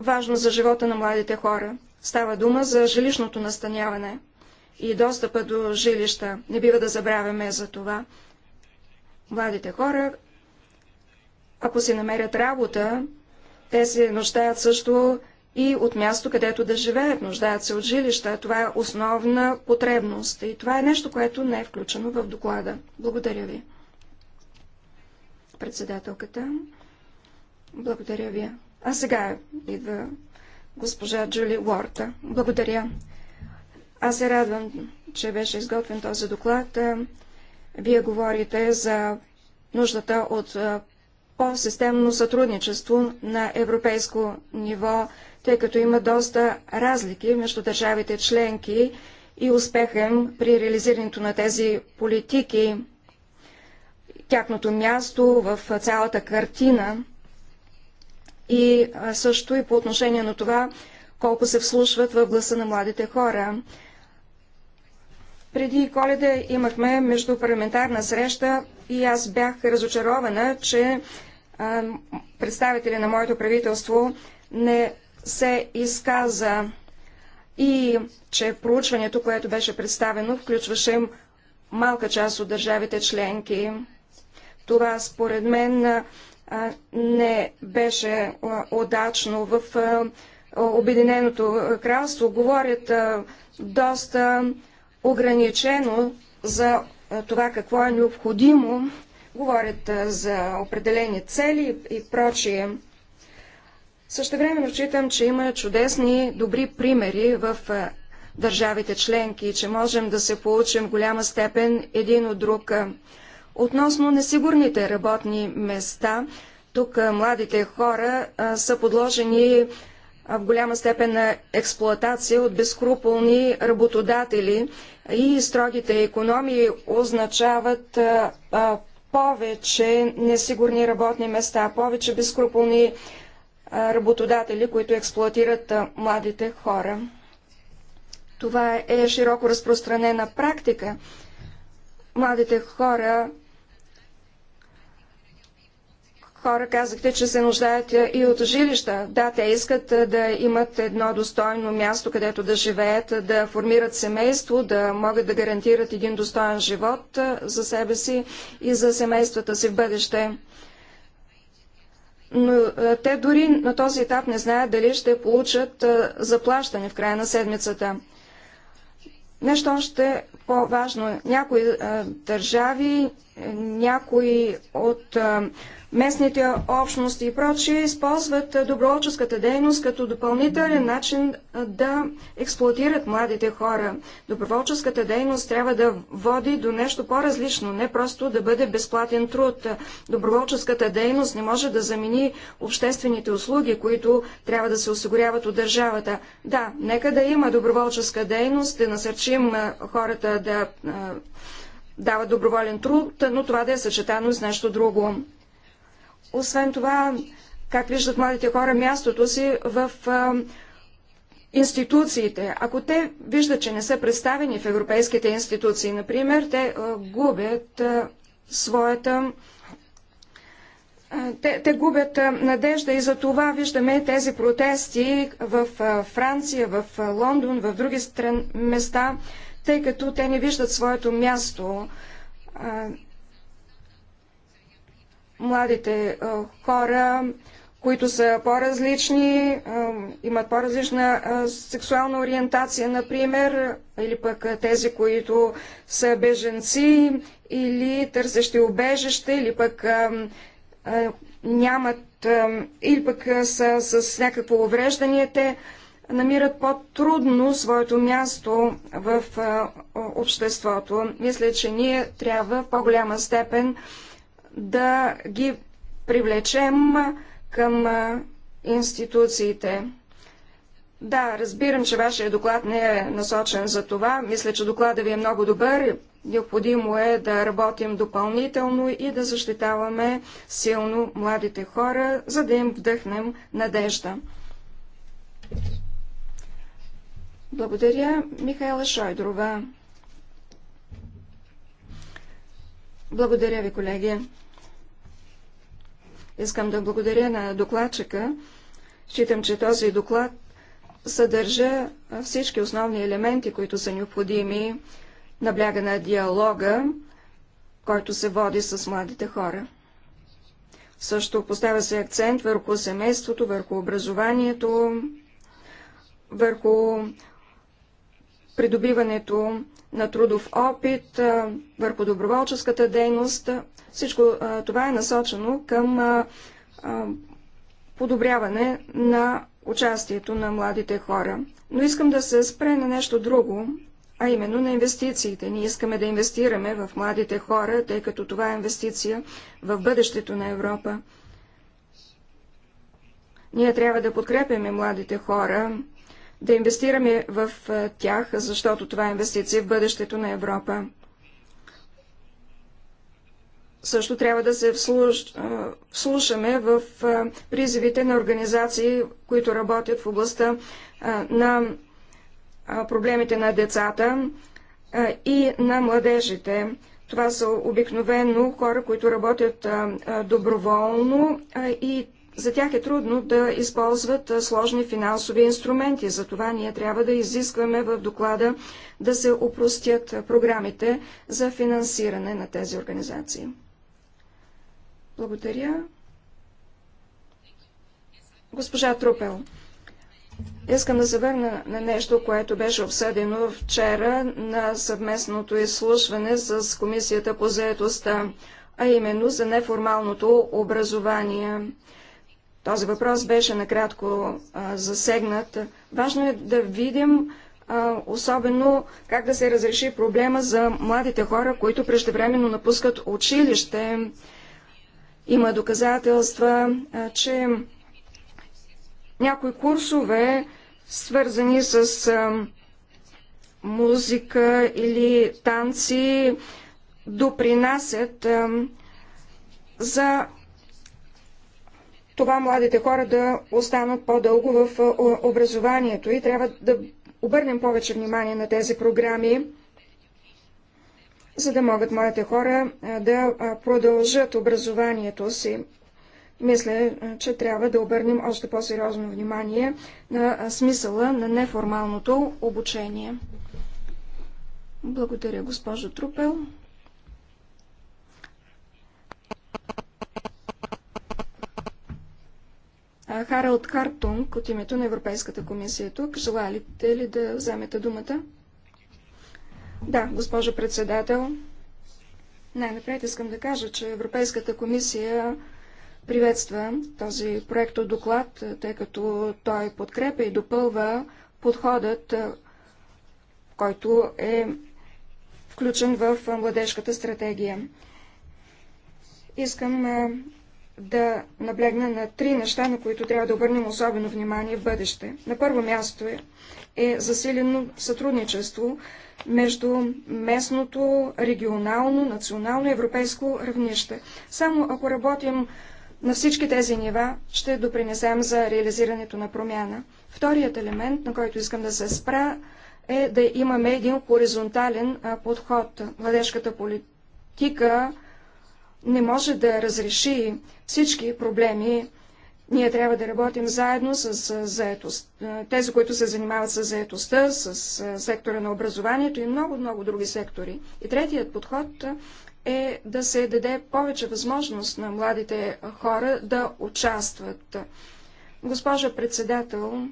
важно за живота на младите хора. Става дума за жилищното настаняване и достъпа до жилища. Не бива да забравяме за това. Младите хора ако се намерят работа, те се нуждаят също и от място, където да живеят, нуждаят се от жилища. Това е основна потребност и това е нещо, което не е включено в доклада. Благодаря ви. Председателката. Благодаря ви. А сега идва госпожа Джули Уорта. Благодаря. Аз се радвам, че беше изготвен този доклад. Вие говорите за нуждата от по-системно сътрудничество на европейско ниво, тъй като има доста разлики между държавите членки и успехем при реализирането на тези политики, тяхното място в цялата картина и също и по отношение на това, колко се вслушват в гласа на младите хора. Преди коледа имахме междупарламентарна среща и аз бях разочарована, че а, представители на моето правителство не се изказа и че проучването, което беше представено, включваше малка част от държавите членки. Това според мен не беше удачно. В Обединеното кралство говорят доста ограничено за това какво е необходимо, говорят за определени цели и прочие. Също време считам, че има чудесни, добри примери в държавите членки и че можем да се получим в голяма степен един от друг. Относно несигурните работни места, тук младите хора са подложени в голяма степен на експлоатация от безкруполни работодатели и строгите економии означават повече несигурни работни места, повече безкруполни работодатели, които експлоатират младите хора. Това е широко разпространена практика. Младите хора хора казахте, че се нуждаят и от жилища. Да, те искат да имат едно достойно място, където да живеят, да формират семейство, да могат да гарантират един достоен живот за себе си и за семействата си в бъдеще. Но те дори на този етап не знаят дали ще получат заплащане в края на седмицата. Нещо още по-важно. Някои държави, някои от местните общности и прочие използват доброволческата дейност като допълнителен начин да експлуатират младите хора. Доброволческата дейност трябва да води до нещо по-различно, не просто да бъде безплатен труд. Доброволческата дейност не може да замени обществените услуги, които трябва да се осигуряват от държавата. Да, нека да има доброволческа дейност, да насърчим хората да дават доброволен труд, но това да е съчетано с нещо друго. Освен това, как виждат младите хора мястото си в институциите. Ако те виждат, че не са представени в европейските институции, например, те губят своята. Те, те губят надежда и за това виждаме тези протести в Франция, в Лондон, в други стран, места, тъй като те не виждат своето място младите хора, които са по-различни, имат по-различна сексуална ориентация, например, или пък тези, които са беженци или търсещи убежище, или пък нямат, или пък са с някакво увреждане, те намират по-трудно своето място в обществото. Мисля, че ние трябва в по-голяма степен да ги привлечем към институциите. Да, разбирам, че вашия доклад не е насочен за това. Мисля, че доклада ви е много добър. Необходимо е да работим допълнително и да защитаваме силно младите хора, за да им вдъхнем надежда. Благодаря, Михайла Шойдрова. Благодаря ви, колеги. Искам да благодаря на докладчика. Считам, че този доклад съдържа всички основни елементи, които са необходими, набляга на диалога, който се води с младите хора. Също поставя се акцент върху семейството, върху образованието, върху придобиването на трудов опит, върху доброволческата дейност. Всичко това е насочено към подобряване на участието на младите хора. Но искам да се спре на нещо друго, а именно на инвестициите. Ние искаме да инвестираме в младите хора, тъй като това е инвестиция в бъдещето на Европа. Ние трябва да подкрепяме младите хора, да инвестираме в тях, защото това е инвестиция в бъдещето на Европа. Също трябва да се вслуш... вслушаме в призивите на организации, които работят в областта на проблемите на децата и на младежите. Това са обикновено хора, които работят доброволно и за тях е трудно да използват сложни финансови инструменти, затова ние трябва да изискваме в доклада да се упростят програмите за финансиране на тези организации. Благодаря. Госпожа Трупел, искам да се върна на нещо, което беше обсъдено вчера на съвместното изслушване с Комисията по заедостта, а именно за неформалното образование. Този въпрос беше накратко а, засегнат. Важно е да видим а, особено как да се разреши проблема за младите хора, които преждевременно напускат училище. Има доказателства, а, че някои курсове, свързани с а, музика или танци, допринасят а, за това младите хора да останат по-дълго в образованието и трябва да обърнем повече внимание на тези програми, за да могат младите хора да продължат образованието си. Мисля, че трябва да обърнем още по-сериозно внимание на смисъла на неформалното обучение. Благодаря, госпожо Трупел. Харалд Хартунг от името на Европейската комисия е тук. Желаете ли да вземете думата? Да, госпожо председател. Най-напред искам да кажа, че Европейската комисия приветства този проект от доклад, тъй като той подкрепя и допълва подходът, който е включен в младежката стратегия. Искам да наблегна на три неща, на които трябва да обърнем особено внимание в бъдеще. На първо място е, е засилено сътрудничество между местното, регионално, национално и европейско равнище. Само ако работим на всички тези нива, ще допринесем за реализирането на промяна. Вторият елемент, на който искам да се спра, е да имаме един хоризонтален подход. Младежката политика не може да разреши всички проблеми. Ние трябва да работим заедно с заетост, тези, които се занимават с заетостта, с сектора на образованието и много-много други сектори. И третият подход е да се даде повече възможност на младите хора да участват. Госпожа председател,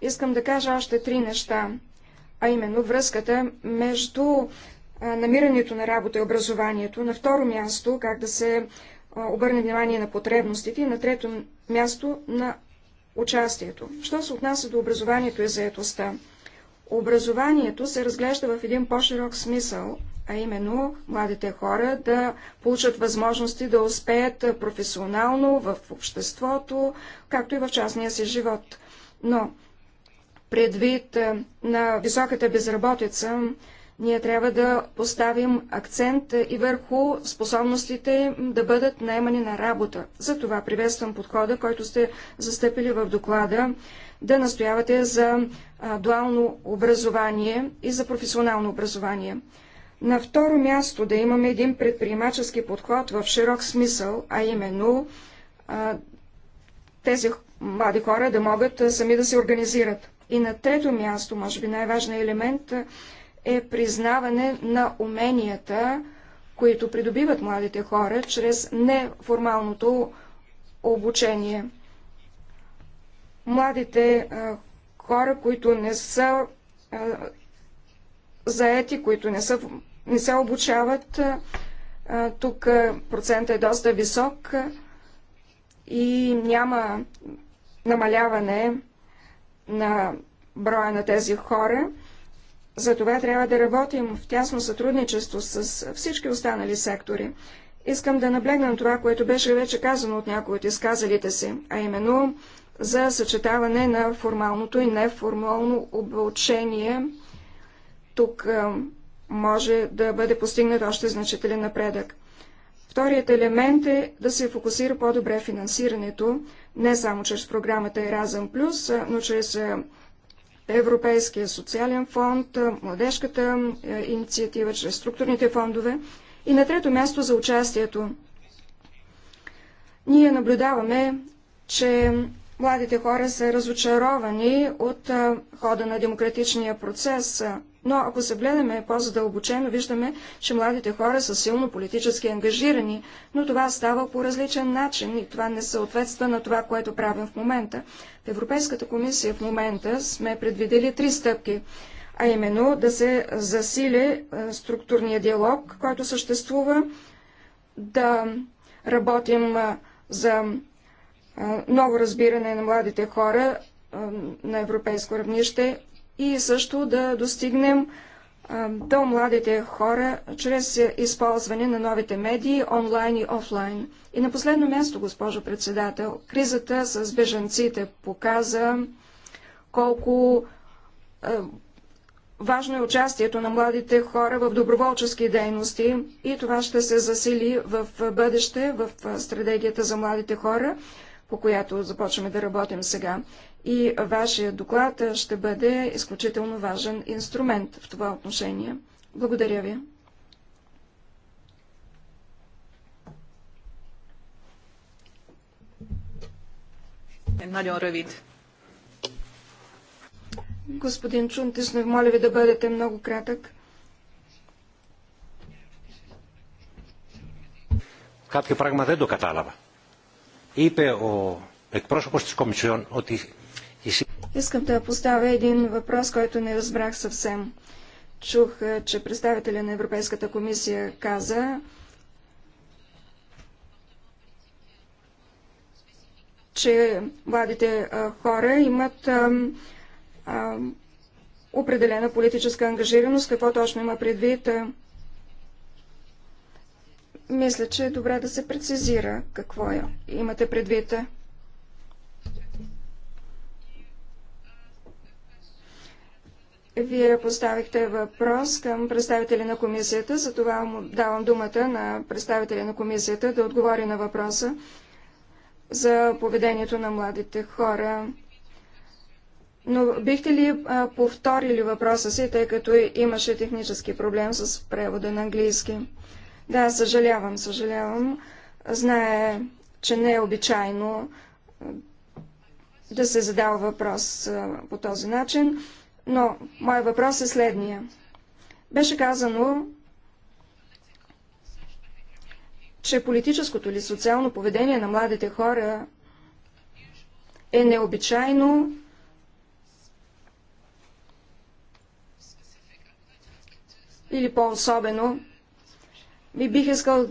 искам да кажа още три неща, а именно връзката между намирането на работа и образованието, на второ място как да се обърне внимание на потребностите и на трето място на участието. Що се отнася до образованието и заетостта? Образованието се разглежда в един по-широк смисъл, а именно младите хора да получат възможности да успеят професионално в обществото, както и в частния си живот. Но предвид на високата безработица, ние трябва да поставим акцент и върху способностите им да бъдат наемани на работа. Затова приветствам подхода, който сте застъпили в доклада, да настоявате за дуално образование и за професионално образование. На второ място да имаме един предприемачески подход в широк смисъл, а именно тези млади хора да могат сами да се организират. И на трето място, може би най-важният елемент, е признаване на уменията, които придобиват младите хора чрез неформалното обучение. Младите хора, които не са заети, които не, са, не се обучават, тук процентът е доста висок и няма намаляване на броя на тези хора. Затова трябва да работим в тясно сътрудничество с всички останали сектори. Искам да наблегна на това, което беше вече казано от някои от изказалите си, а именно за съчетаване на формалното и неформално обучение. Тук може да бъде постигнат още значителен напредък. Вторият елемент е да се фокусира по-добре финансирането, не само чрез програмата Erasmus+, но чрез Европейския социален фонд, младежката инициатива, чрез структурните фондове. И на трето място за участието. Ние наблюдаваме, че Младите хора са разочаровани от хода на демократичния процес, но ако се гледаме по-задълбочено, виждаме, че младите хора са силно политически ангажирани, но това става по различен начин и това не съответства на това, което правим в момента. В Европейската комисия в момента сме предвидели три стъпки, а именно да се засили структурния диалог, който съществува, да работим за ново разбиране на младите хора на европейско равнище и също да достигнем до младите хора чрез използване на новите медии онлайн и офлайн. И на последно място, госпожо председател, кризата с бежанците показа колко важно е участието на младите хора в доброволчески дейности и това ще се засили в бъдеще в стратегията за младите хора по която започваме да работим сега. И вашия доклад ще бъде изключително важен инструмент в това отношение. Благодаря ви. Господин Чунтиснов, моля ви да бъдете много кратък. Κάτι πράγμα δεν το κατάλαβα είπε ο εκπρόσωπος της Κομισιόν ότι... Искам да поставя един въпрос, който не разбрах съвсем. Чух, е, че представителя на Европейската комисия каза, че младите е, хора имат а, е, а, определена политическа ангажираност. Какво точно има предвид? Мисля, че е добре да се прецизира какво е. имате предвид. Е? Вие поставихте въпрос към представители на комисията, затова му давам думата на представителя на комисията да отговори на въпроса за поведението на младите хора. Но бихте ли повторили въпроса си, тъй като имаше технически проблем с превода на английски? Да, съжалявам, съжалявам. Знае, че не е обичайно да се задава въпрос по този начин, но моят въпрос е следния. Беше казано, че политическото или социално поведение на младите хора е необичайно или по-особено и бих искал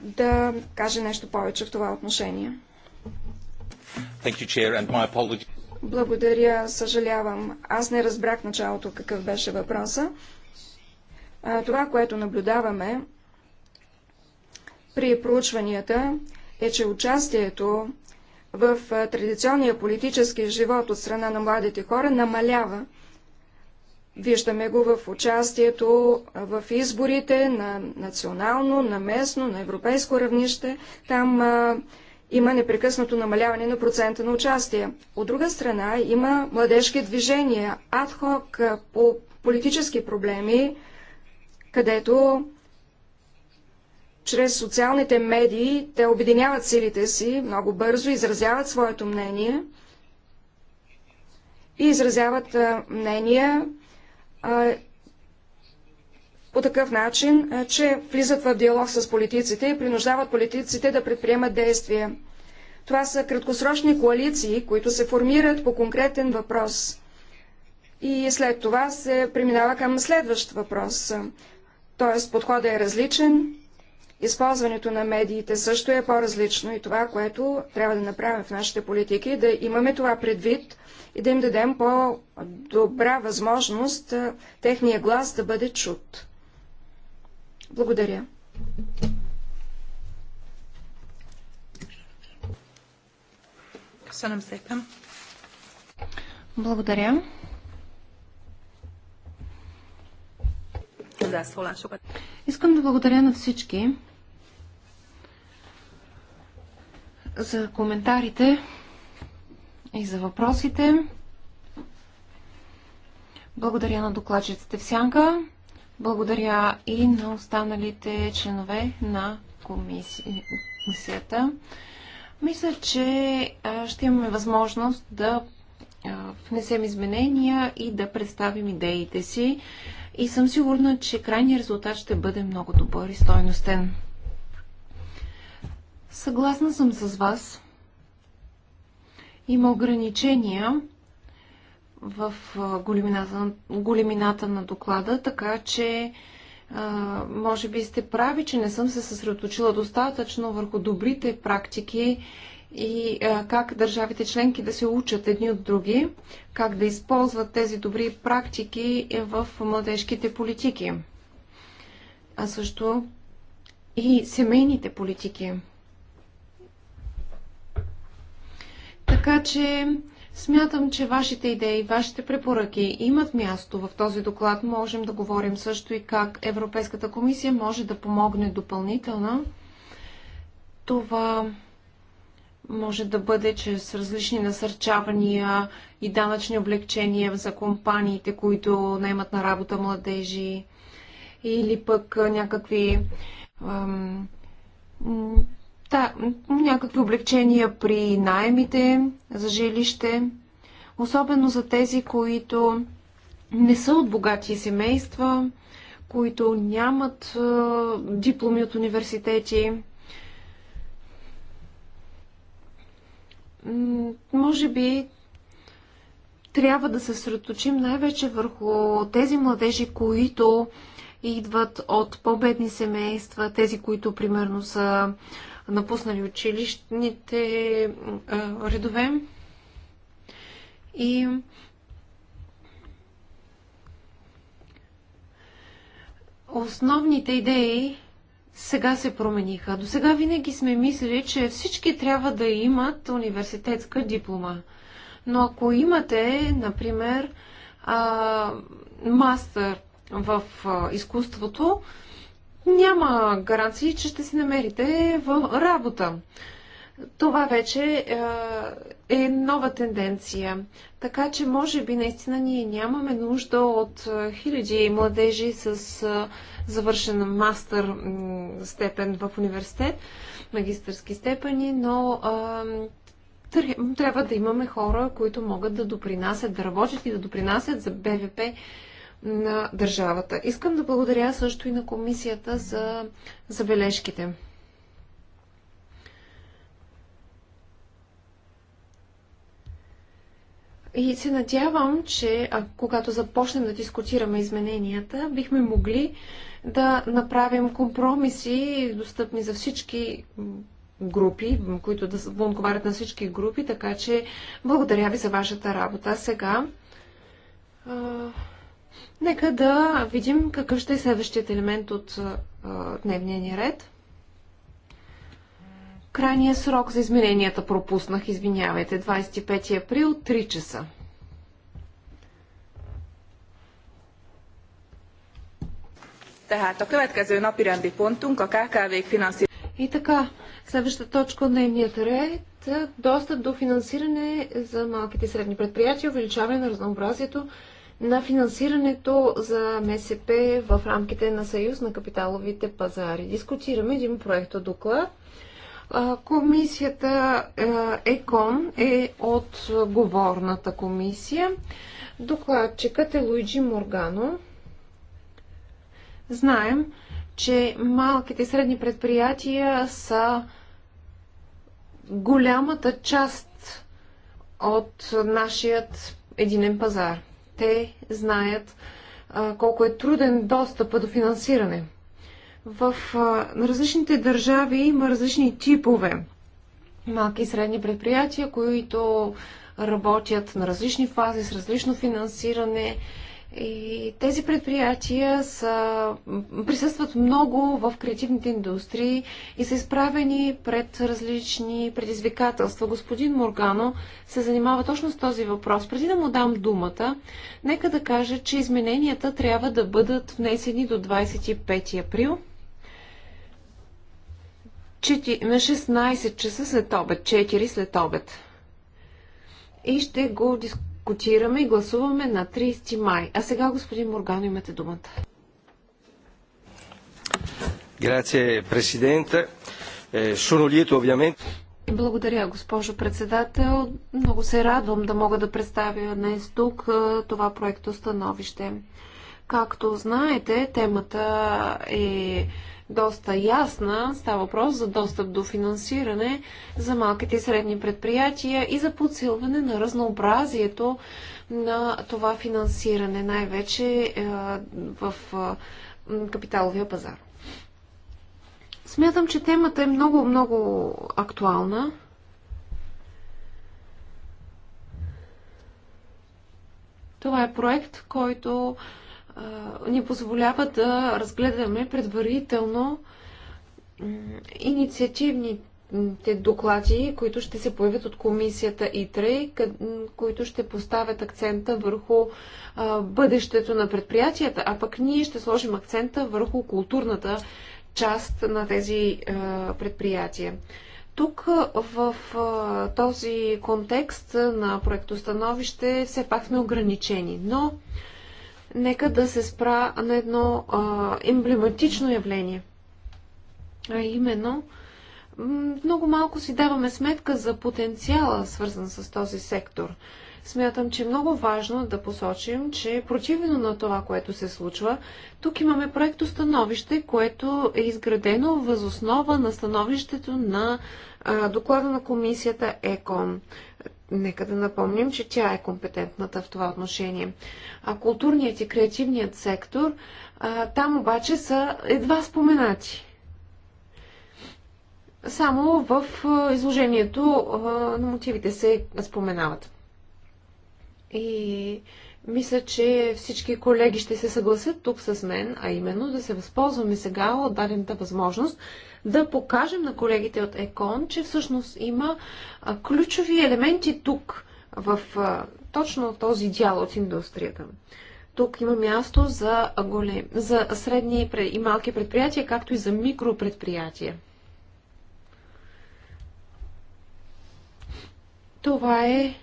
да кажа нещо повече в това отношение. You, Благодаря, съжалявам. Аз не разбрах началото какъв беше въпроса. това, което наблюдаваме при проучванията, е, че участието в традиционния политически живот от страна на младите хора намалява. Виждаме го в участието в изборите на национално, на местно, на европейско равнище. Там а, има непрекъснато намаляване на процента на участие. От друга страна има младежки движения, адхок по политически проблеми, където чрез социалните медии те обединяват силите си много бързо, изразяват своето мнение и изразяват мнения по такъв начин, че влизат в диалог с политиците и принуждават политиците да предприемат действия. Това са краткосрочни коалиции, които се формират по конкретен въпрос. И след това се преминава към следващ въпрос. Тоест подходът е различен, използването на медиите също е по-различно и това, което трябва да направим в нашите политики, да имаме това предвид, и да им дадем по-добра възможност техния глас да бъде чут. Благодаря. Благодаря. Искам да благодаря на всички за коментарите и за въпросите. Благодаря на докладчиците в Сянка. Благодаря и на останалите членове на комисията. Мисля, че ще имаме възможност да внесем изменения и да представим идеите си. И съм сигурна, че крайният резултат ще бъде много добър и стойностен. Съгласна съм с вас, има ограничения в големината, големината на доклада, така че може би сте прави, че не съм се съсредоточила достатъчно върху добрите практики и как държавите членки да се учат едни от други, как да използват тези добри практики в младежките политики, а също и семейните политики. Така че смятам, че вашите идеи, вашите препоръки имат място в този доклад. Можем да говорим също и как Европейската комисия може да помогне допълнително. Това може да бъде чрез различни насърчавания и данъчни облегчения за компаниите, които наймат на работа младежи или пък някакви ам, Та, някакви облегчения при найемите за жилище, особено за тези, които не са от богати семейства, които нямат дипломи от университети. Може би трябва да се средоточим най-вече върху тези младежи, които идват от по-бедни семейства, тези, които примерно са напуснали училищните редове. И основните идеи сега се промениха. До сега винаги сме мислили, че всички трябва да имат университетска диплома. Но ако имате, например, а, мастър в а, изкуството, няма гаранции, че ще си намерите в работа. Това вече е, е нова тенденция. Така че, може би, наистина ние нямаме нужда от е, хиляди младежи с е, завършен мастър степен в университет, магистърски степени, но трябва да имаме хора, които могат да допринасят, да работят и да допринасят за БВП на държавата. Искам да благодаря също и на комисията за забележките. И се надявам, че а, когато започнем да дискутираме измененията, бихме могли да направим компромиси, достъпни за всички групи, които да отговарят на всички групи, така че благодаря ви за вашата работа. Сега а, Нека да видим какъв ще е следващият елемент от а, дневния ни ред. Крайният срок за измененията пропуснах, извинявайте, 25 април, 3 часа. И така, следващата точка от дневният ред достъп до финансиране за малките и средни предприятия, увеличаване на разнообразието на финансирането за МСП в рамките на Съюз на капиталовите пазари. Дискутираме един проект от доклад. Комисията ЕКОН е отговорната комисия. Докладчикът е Луиджи Моргано. Знаем, че малките и средни предприятия са голямата част от нашият единен пазар те знаят колко е труден достъпа до финансиране. В различните държави има различни типове малки и средни предприятия, които работят на различни фази с различно финансиране и тези предприятия са, присъстват много в креативните индустрии и са изправени пред различни предизвикателства. Господин Моргано се занимава точно с този въпрос. Преди да му дам думата, нека да кажа, че измененията трябва да бъдат внесени до 25 април на 16 часа след обед, 4 след обед. И ще го дискутираме котираме и гласуваме на 30 май. А сега, господин Моргано, имате думата. Грация, президента. Е, шуно лието, Благодаря, госпожо председател. Много се радвам да мога да представя днес тук е, това проекто становище. Както знаете, темата е доста ясна. Става въпрос за достъп до финансиране за малките и средни предприятия и за подсилване на разнообразието на това финансиране, най-вече е, в е, капиталовия пазар. Смятам, че темата е много, много актуална. Това е проект, който ни позволява да разгледаме предварително инициативните доклади, които ще се появят от комисията ИТРЕ, които ще поставят акцента върху бъдещето на предприятията, а пък ние ще сложим акцента върху културната част на тези предприятия. Тук в този контекст на проектостановище все пак сме ограничени, но нека да се спра на едно а, емблематично явление. А именно, много малко си даваме сметка за потенциала, свързан с този сектор. Смятам, че е много важно да посочим, че противно на това, което се случва, тук имаме проекто становище, което е изградено възоснова на становището на а, доклада на комисията ЕКОМ нека да напомним, че тя е компетентната в това отношение. А културният и креативният сектор, а, там обаче са едва споменати. Само в изложението на мотивите се споменават. И мисля, че всички колеги ще се съгласят тук с мен, а именно да се възползваме сега от дадената възможност да покажем на колегите от ЕКОН, че всъщност има ключови елементи тук, в точно този дял от индустрията. Тук има място за, голем, за средни и малки предприятия, както и за микропредприятия. Това е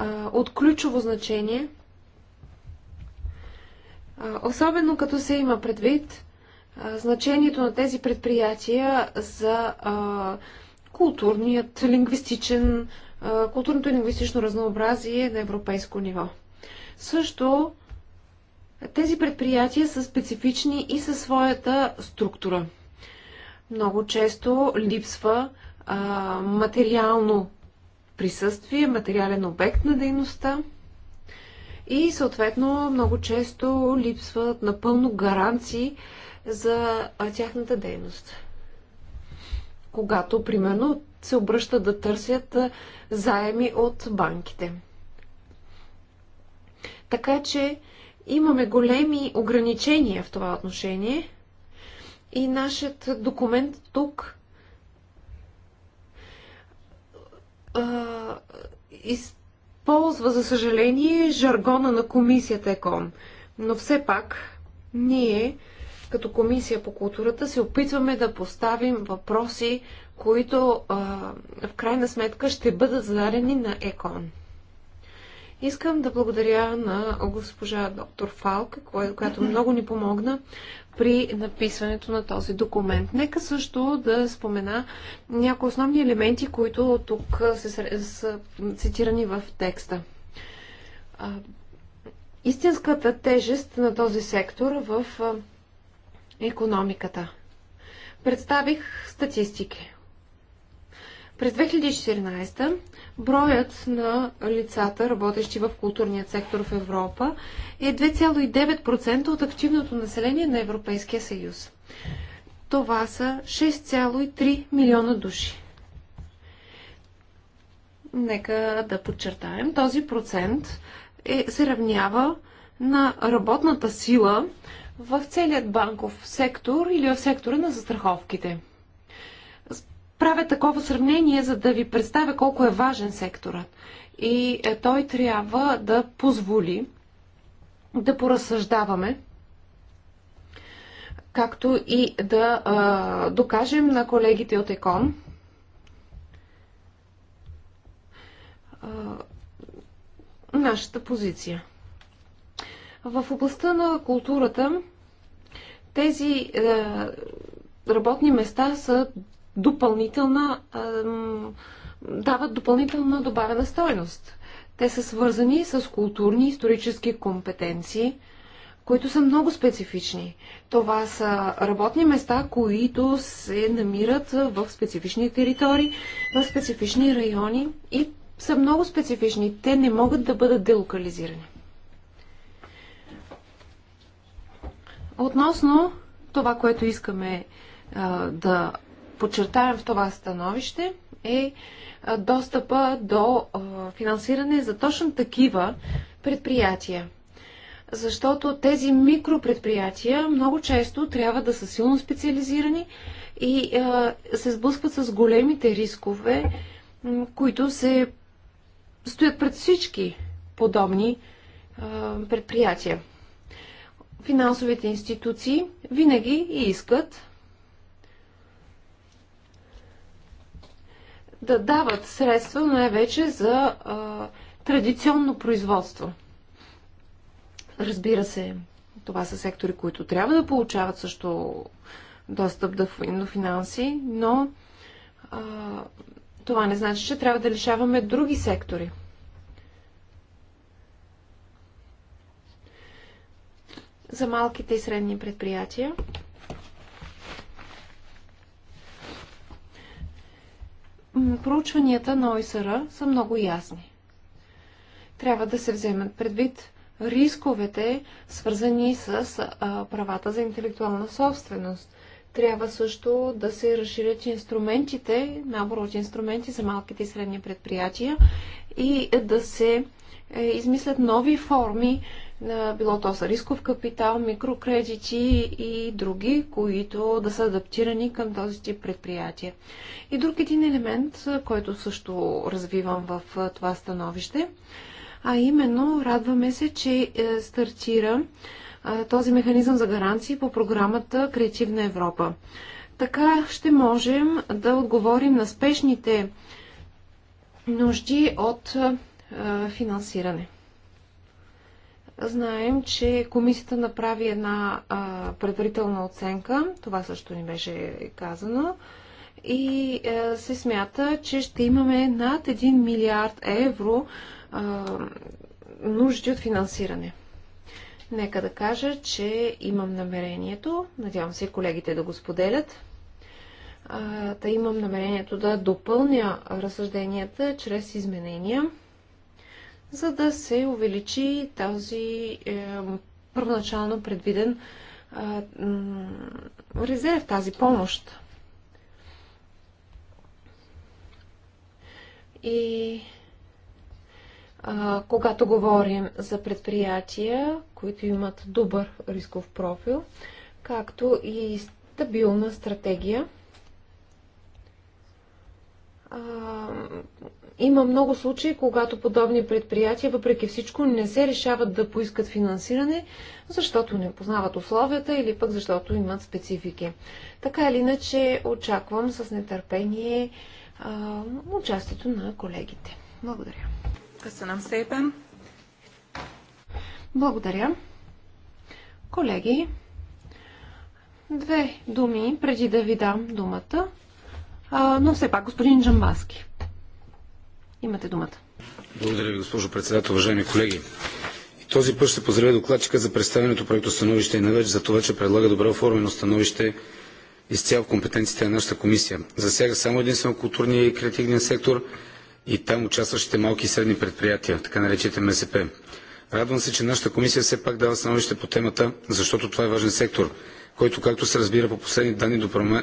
а, от ключово значение, а, особено като се има предвид а, значението на тези предприятия за а, културният, лингвистичен, а, културното и лингвистично разнообразие на европейско ниво. Също тези предприятия са специфични и със своята структура. Много често липсва а, материално присъствие, материален обект на дейността и съответно много често липсват напълно гаранции за тяхната дейност. Когато, примерно, се обръщат да търсят заеми от банките. Така че имаме големи ограничения в това отношение и нашият документ тук използва, за съжаление, жаргона на комисията ЕКОН. Но все пак ние, като комисия по културата, се опитваме да поставим въпроси, които а, в крайна сметка ще бъдат зададени на ЕКОН. Искам да благодаря на госпожа доктор Фалк, която много ни помогна при написването на този документ. Нека също да спомена някои основни елементи, които тук са цитирани в текста. Истинската тежест на този сектор в економиката. Представих статистики. През 2014 броят на лицата, работещи в културния сектор в Европа, е 2,9% от активното население на Европейския съюз. Това са 6,3 милиона души. Нека да подчертаем, този процент е, се равнява на работната сила в целият банков сектор или в сектора на застраховките – правя такова сравнение, за да ви представя колко е важен секторът. И е, той трябва да позволи да поразсъждаваме, както и да а, докажем на колегите от ЕКОН, нашата позиция. В областта на културата тези е, работни места са допълнителна, дават допълнителна добавена стойност. Те са свързани с културни и исторически компетенции, които са много специфични. Това са работни места, които се намират в специфични територии, в специфични райони и са много специфични. Те не могат да бъдат делокализирани. Относно това, което искаме а, да Подчертавам в това становище, е достъпа до финансиране за точно такива предприятия. Защото тези микропредприятия много често трябва да са силно специализирани и се сблъскват с големите рискове, които се стоят пред всички подобни предприятия. Финансовите институции винаги искат да дават средства най-вече за а, традиционно производство. Разбира се, това са сектори, които трябва да получават също достъп до финанси, но а, това не значи, че трябва да лишаваме други сектори. За малките и средни предприятия. проучванията на ОИСР са много ясни. Трябва да се вземат предвид рисковете, свързани с правата за интелектуална собственост. Трябва също да се разширят инструментите, набор от инструменти за малките и средни предприятия и да се е, измислят нови форми било то са рисков капитал, микрокредити и други, които да са адаптирани към този тип предприятия. И друг един елемент, който също развивам в това становище, а именно радваме се, че е, стартира този механизъм за гаранции по програмата Креативна Европа. Така ще можем да отговорим на спешните нужди от финансиране. Знаем, че комисията направи една а, предварителна оценка, това също ни беше казано, и а, е, се смята, че ще имаме над 1 милиард евро а, нужди от финансиране. Нека да кажа, че имам намерението, надявам се колегите да го споделят, да имам намерението да допълня разсъжденията чрез изменения – за да се увеличи този е, първоначално предвиден е, резерв, тази помощ. И е, когато говорим за предприятия, които имат добър рисков профил, както и стабилна стратегия, има много случаи, когато подобни предприятия, въпреки всичко, не се решават да поискат финансиране, защото не познават условията или пък защото имат специфики. Така или иначе, очаквам с нетърпение а, участието на колегите. Благодаря. Късанам Сейпен. Благодаря. Колеги, две думи преди да ви дам думата, а, но все пак господин Джамбаски. Имате думата. Благодаря ви, госпожо председател, уважаеми колеги. И този път ще поздравя докладчика за представеното проекто становище и навече за това, че предлага добре оформено становище изцяло в компетенциите на нашата комисия. Засяга само единствено културния и креативния сектор и там участващите малки и средни предприятия, така наречете МСП. Радвам се, че нашата комисия все пак дава становище по темата, защото това е важен сектор, който, както се разбира по последни данни,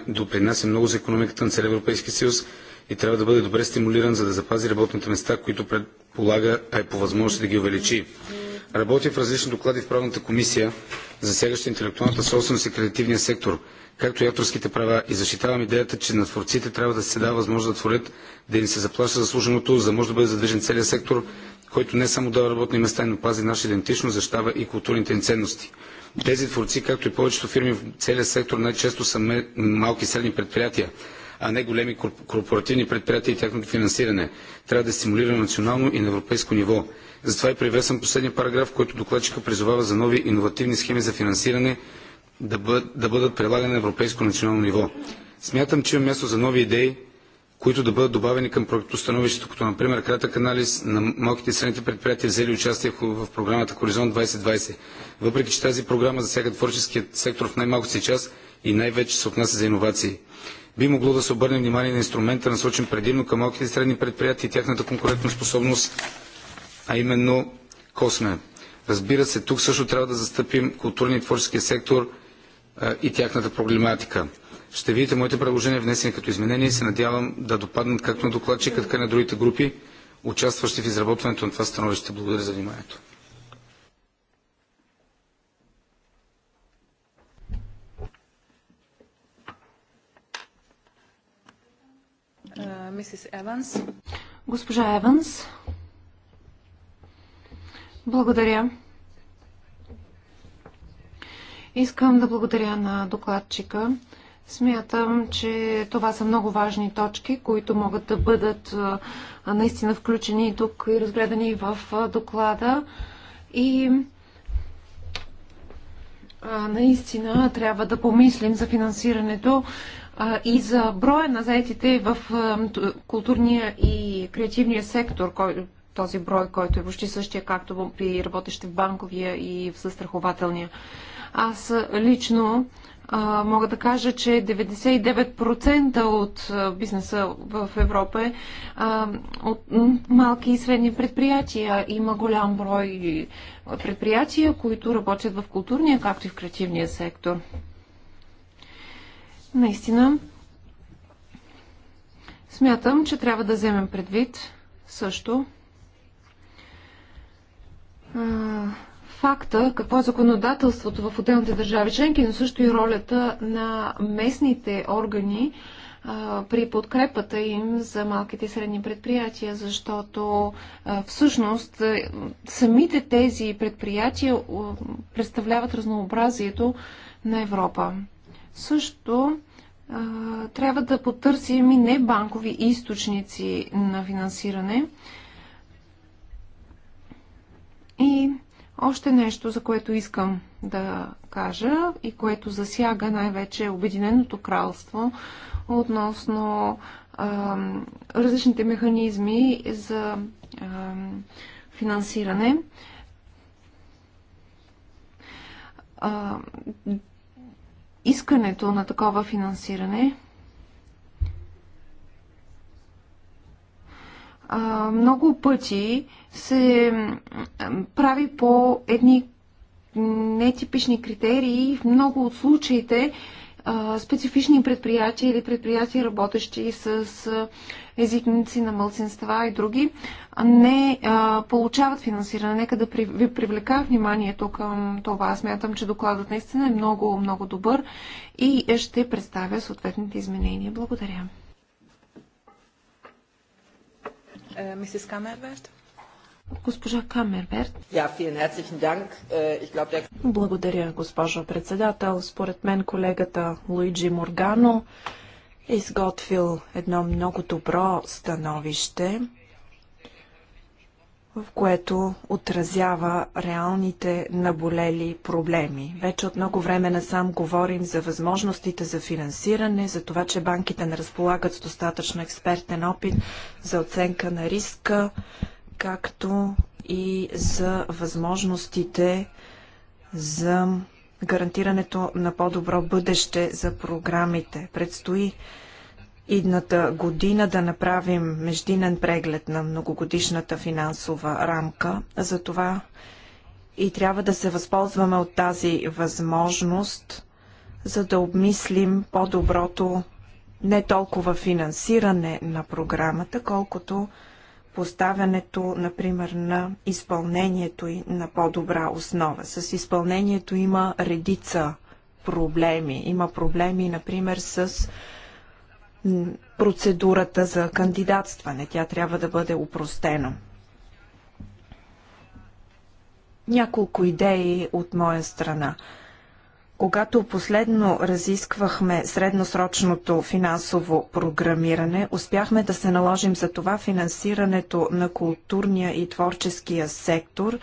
допринася много за економиката на целия Европейски съюз и трябва да бъде добре стимулиран, за да запази работните места, които предполага, а е по възможност да ги увеличи. Работи в различни доклади в правната комисия, засягащи интелектуалната собственост и креативния сектор, както и авторските права и защитавам идеята, че на творците трябва да се дава възможност да творят, да им се заплаща заслуженото, за да може да бъде задвижен целият сектор, който не само дава работни места, но пази наша идентичност, защитава и културните ни ценности. Тези творци, както и повечето фирми в целия сектор, най-често са малки и средни предприятия, а не големи корпоративни предприятия и тяхното финансиране. Трябва да е стимулира национално и на европейско ниво. Затова и приветствам последния параграф, в който докладчика призовава за нови иновативни схеми за финансиране да бъдат, да бъдат прилагани на европейско национално ниво. Смятам, че има място за нови идеи, които да бъдат добавени към проектостановището, като например кратък анализ на малките и средните предприятия, взели участие в програмата Хоризонт 2020. Въпреки, че тази програма засяга творческият сектор в най малко си част и най-вече се отнася за иновации. Би могло да се обърне внимание на инструмента, насочен предимно към малките и средни предприятия и тяхната конкурентоспособност, а именно Косме. Разбира се, тук също трябва да застъпим културния и творческия сектор а, и тяхната проблематика. Ще видите моите предложения, внесени като изменения и се надявам да допаднат както на докладчика, така и на другите групи, участващи в изработването на това становище. Благодаря за вниманието. мисис Еванс. Госпожа Еванс. Благодаря. Искам да благодаря на докладчика. Смятам, че това са много важни точки, които могат да бъдат наистина включени тук и разгледани в доклада. И наистина трябва да помислим за финансирането и за броя на заетите в културния и креативния сектор, този брой, който е въобще същия, както при работещите в банковия и в състрахователния. Аз лично а, мога да кажа, че 99% от бизнеса в Европа е а, от малки и средни предприятия. Има голям брой предприятия, които работят в културния, както и в креативния сектор. Наистина, смятам, че трябва да вземем предвид също факта, какво е законодателството в отделните държави членки, но също и ролята на местните органи при подкрепата им за малките и средни предприятия, защото всъщност е, самите тези предприятия представляват разнообразието на Европа. Също а, трябва да потърсим и не банкови източници на финансиране. И още нещо, за което искам да кажа и което засяга най-вече Обединеното кралство относно а, различните механизми за а, финансиране. А, искането на такова финансиране много пъти се прави по едни нетипични критерии. В много от случаите специфични предприятия или предприятия, работещи с езикници на мълцинства и други, не получават финансиране. Нека да ви привлека вниманието към това. Смятам, че докладът наистина е много, много добър и ще представя съответните изменения. Благодаря. Е, мисис Камерверт? Госпожа Камерберт. Äh, Благодаря, госпожо председател. Според мен колегата Луиджи Моргано е изготвил едно много добро становище, в което отразява реалните наболели проблеми. Вече от много време насам говорим за възможностите за финансиране, за това, че банките не разполагат с достатъчно експертен опит за оценка на риска, както и за възможностите за гарантирането на по-добро бъдеще за програмите. Предстои идната година да направим междинен преглед на многогодишната финансова рамка. За това, и трябва да се възползваме от тази възможност, за да обмислим по-доброто не толкова финансиране на програмата, колкото поставянето, например, на изпълнението и на по-добра основа. С изпълнението има редица проблеми. Има проблеми, например, с процедурата за кандидатстване. Тя трябва да бъде упростена. Няколко идеи от моя страна. Когато последно разисквахме средносрочното финансово програмиране, успяхме да се наложим за това финансирането на културния и творческия сектор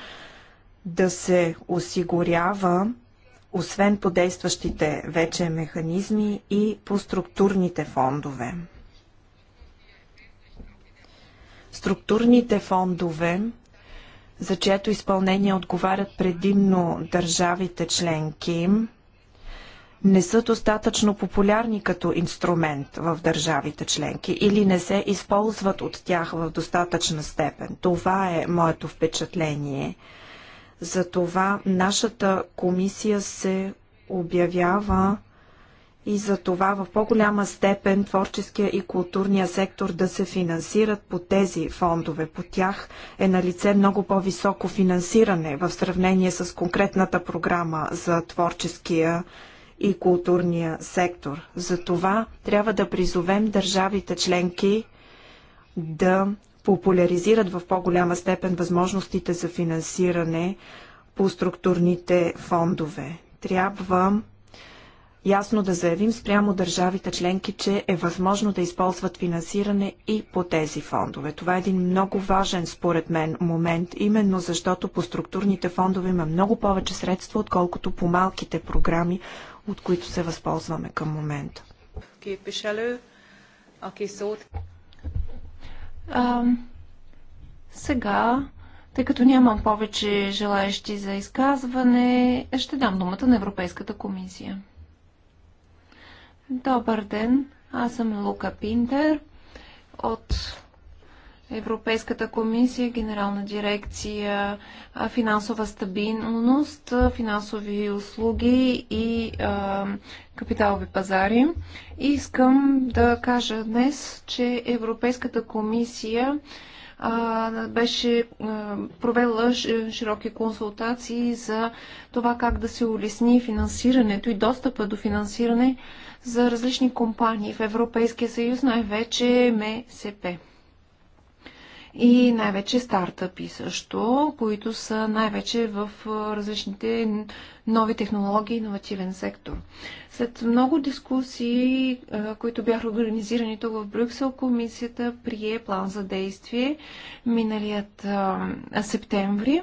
да се осигурява освен по действащите вече механизми и по структурните фондове. Структурните фондове, за чието изпълнение отговарят предимно държавите членки, не са достатъчно популярни като инструмент в държавите членки или не се използват от тях в достатъчна степен. Това е моето впечатление. Затова нашата комисия се обявява и за това в по-голяма степен творческия и културния сектор да се финансират по тези фондове. По тях е на лице много по-високо финансиране в сравнение с конкретната програма за творческия и културния сектор. Затова трябва да призовем държавите членки да популяризират в по-голяма степен възможностите за финансиране по структурните фондове. Трябва ясно да заявим спрямо държавите членки, че е възможно да използват финансиране и по тези фондове. Това е един много важен, според мен, момент, именно защото по структурните фондове има много повече средства, отколкото по малките програми, от които се възползваме към момента. А, сега, тъй като нямам повече желаящи за изказване, ще дам думата на Европейската комисия. Добър ден, аз съм Лука Пинтер от Европейската комисия, Генерална дирекция финансова стабилност, финансови услуги и а, капиталови пазари. И искам да кажа днес, че Европейската комисия а, беше а, провела широки консултации за това как да се улесни финансирането и достъпа до финансиране за различни компании в Европейския съюз, най-вече МСП и най-вече стартъпи също, които са най-вече в различните нови технологии и иновативен сектор. След много дискусии, които бяха организирани тук в Брюксел, комисията прие план за действие миналият септември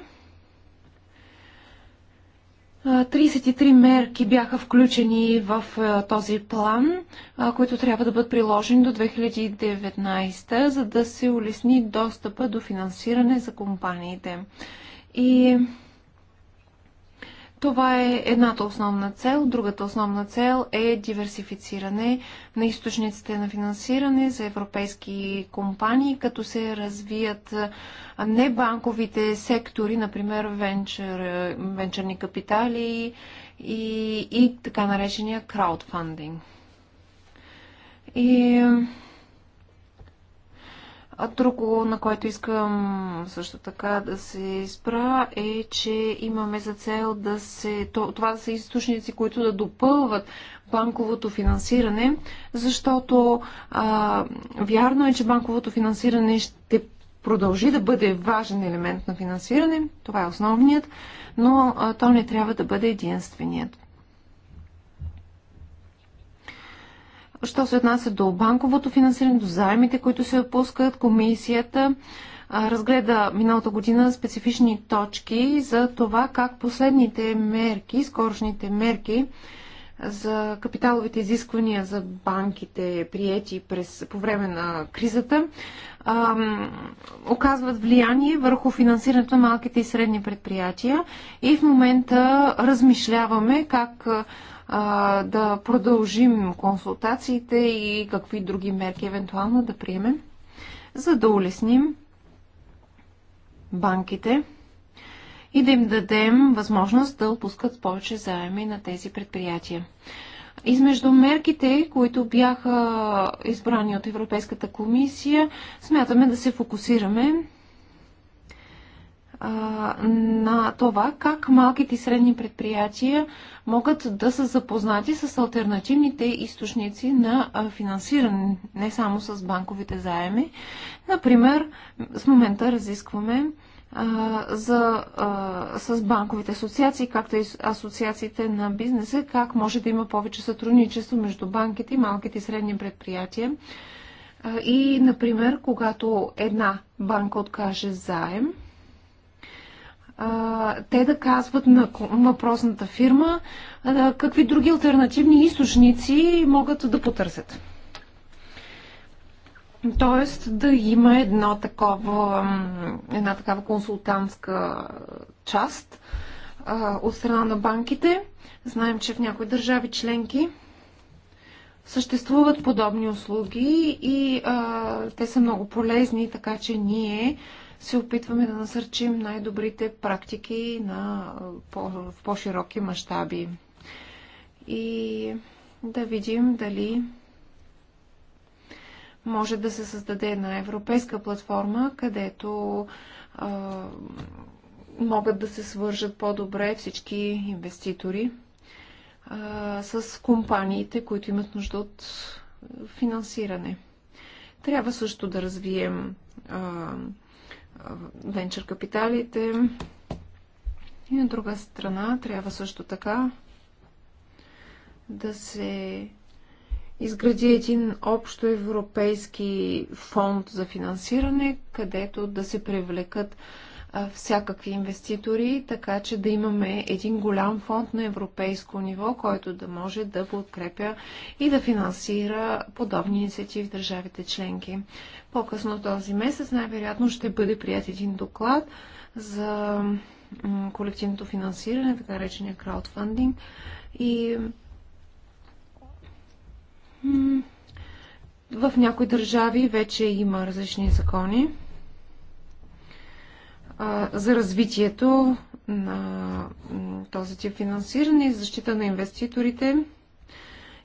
33 мерки бяха включени в този план, които трябва да бъдат приложени до 2019, за да се улесни достъпа до финансиране за компаниите. И това е едната основна цел. Другата основна цел е диверсифициране на източниците на финансиране за европейски компании, като се развият небанковите сектори, например венчър, венчърни капитали и, и така наречения краудфандинг. И а друго, на което искам също така да се спра, е, че имаме за цел да се... Това да са източници, които да допълват банковото финансиране, защото а, вярно е, че банковото финансиране ще продължи да бъде важен елемент на финансиране. Това е основният, но а, то не трябва да бъде единственият. що се отнася до банковото финансиране, до заемите, които се отпускат, комисията разгледа миналата година специфични точки за това как последните мерки, скорошните мерки за капиталовите изисквания за банките, приети през, по време на кризата, ам, оказват влияние върху финансирането на малките и средни предприятия. И в момента размишляваме как а, да продължим консултациите и какви други мерки евентуално да приемем, за да улесним банките и да им дадем възможност да отпускат повече заеми на тези предприятия. Измежду мерките, които бяха избрани от Европейската комисия, смятаме да се фокусираме на това как малките и средни предприятия могат да са запознати с альтернативните източници на финансиране, не само с банковите заеми. Например, с момента разискваме за, а, с банковите асоциации, както и асоциациите на бизнеса, как може да има повече сътрудничество между банките и малките и средни предприятия. и, например, когато една банка откаже заем, а, те да казват на въпросната фирма а, какви други альтернативни източници могат да потърсят. Тоест да има едно такова, една такава консултантска част а, от страна на банките. Знаем, че в някои държави членки съществуват подобни услуги и а, те са много полезни, така че ние се опитваме да насърчим най-добрите практики на, по, в по-широки мащаби и да видим дали може да се създаде една европейска платформа, където а, могат да се свържат по-добре всички инвеститори а, с компаниите, които имат нужда от финансиране. Трябва също да развием а, венчър капиталите. И на друга страна трябва също така да се изгради един общо европейски фонд за финансиране, където да се привлекат всякакви инвеститори, така че да имаме един голям фонд на европейско ниво, който да може да подкрепя и да финансира подобни инициативи в държавите членки. По-късно този месец най-вероятно ще бъде прият един доклад за колективното финансиране, така речения краудфандинг. И в някои държави вече има различни закони за развитието на този тип финансиране и защита на инвеститорите.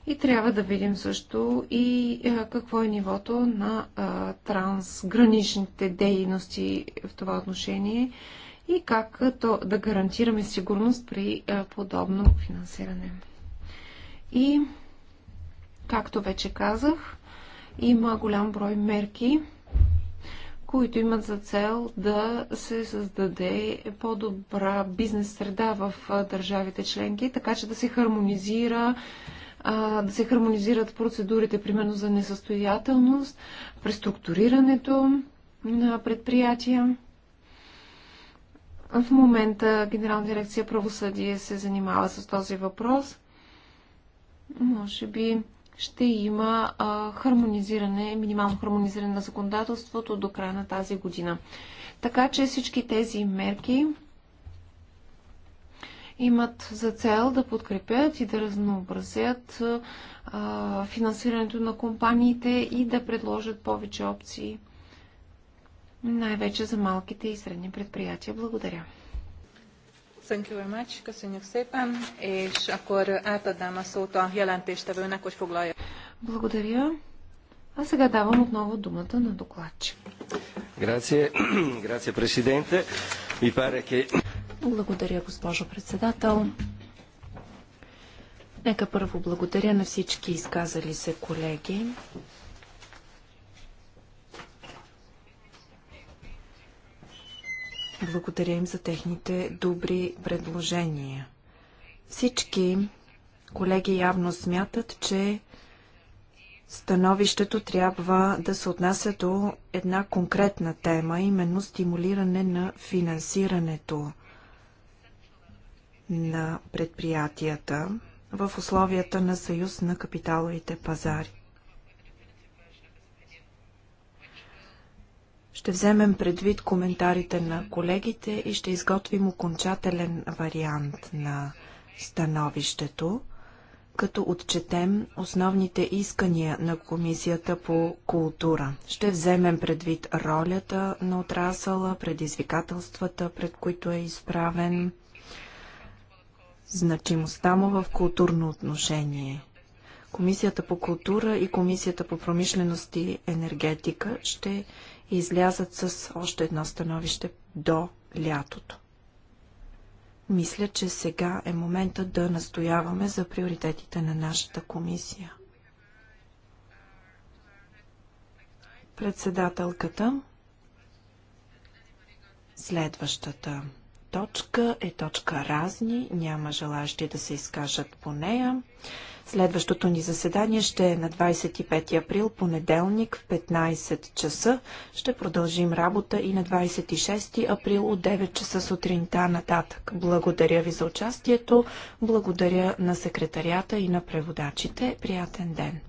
И трябва да видим също и какво е нивото на трансграничните дейности в това отношение и как то да гарантираме сигурност при подобно финансиране. И, както вече казах, има голям брой мерки, които имат за цел да се създаде по-добра бизнес среда в държавите членки, така че да се хармонизира а, да се хармонизират процедурите, примерно за несъстоятелност, преструктурирането на предприятия. В момента Генерална дирекция правосъдие се занимава с този въпрос. Може би ще има а, хармонизиране, минимално хармонизиране на законодателството до края на тази година. Така че всички тези мерки имат за цел да подкрепят и да разнообразят а, финансирането на компаниите и да предложат повече опции, най-вече за малките и средни предприятия. Благодаря. Thank you very much. Köszönjük szépen, és akkor átadnám a szót a jelentéstevőnek, hogy foglalja. Благодаря. А сега давам отново думата на докладчик. Grazie, *clears throat* grazie Presidente. Mi pare che... Благодаря, госпожо председател. Нека първо благодаря на всички изказали се колеги. Благодаря им за техните добри предложения. Всички колеги явно смятат, че становището трябва да се отнася до една конкретна тема, именно стимулиране на финансирането – на предприятията в условията на съюз на капиталовите пазари. Ще вземем предвид коментарите на колегите и ще изготвим окончателен вариант на становището, като отчетем основните искания на Комисията по култура. Ще вземем предвид ролята на отрасъла, предизвикателствата, пред които е изправен, значимостта му в културно отношение. Комисията по култура и Комисията по промишленост и енергетика ще излязат с още едно становище до лятото. Мисля, че сега е момента да настояваме за приоритетите на нашата комисия. Председателката, следващата точка е точка разни. Няма желащи да се изкажат по нея. Следващото ни заседание ще е на 25 април, понеделник в 15 часа. Ще продължим работа и на 26 април от 9 часа сутринта нататък. Благодаря ви за участието, благодаря на секретарията и на преводачите. Приятен ден!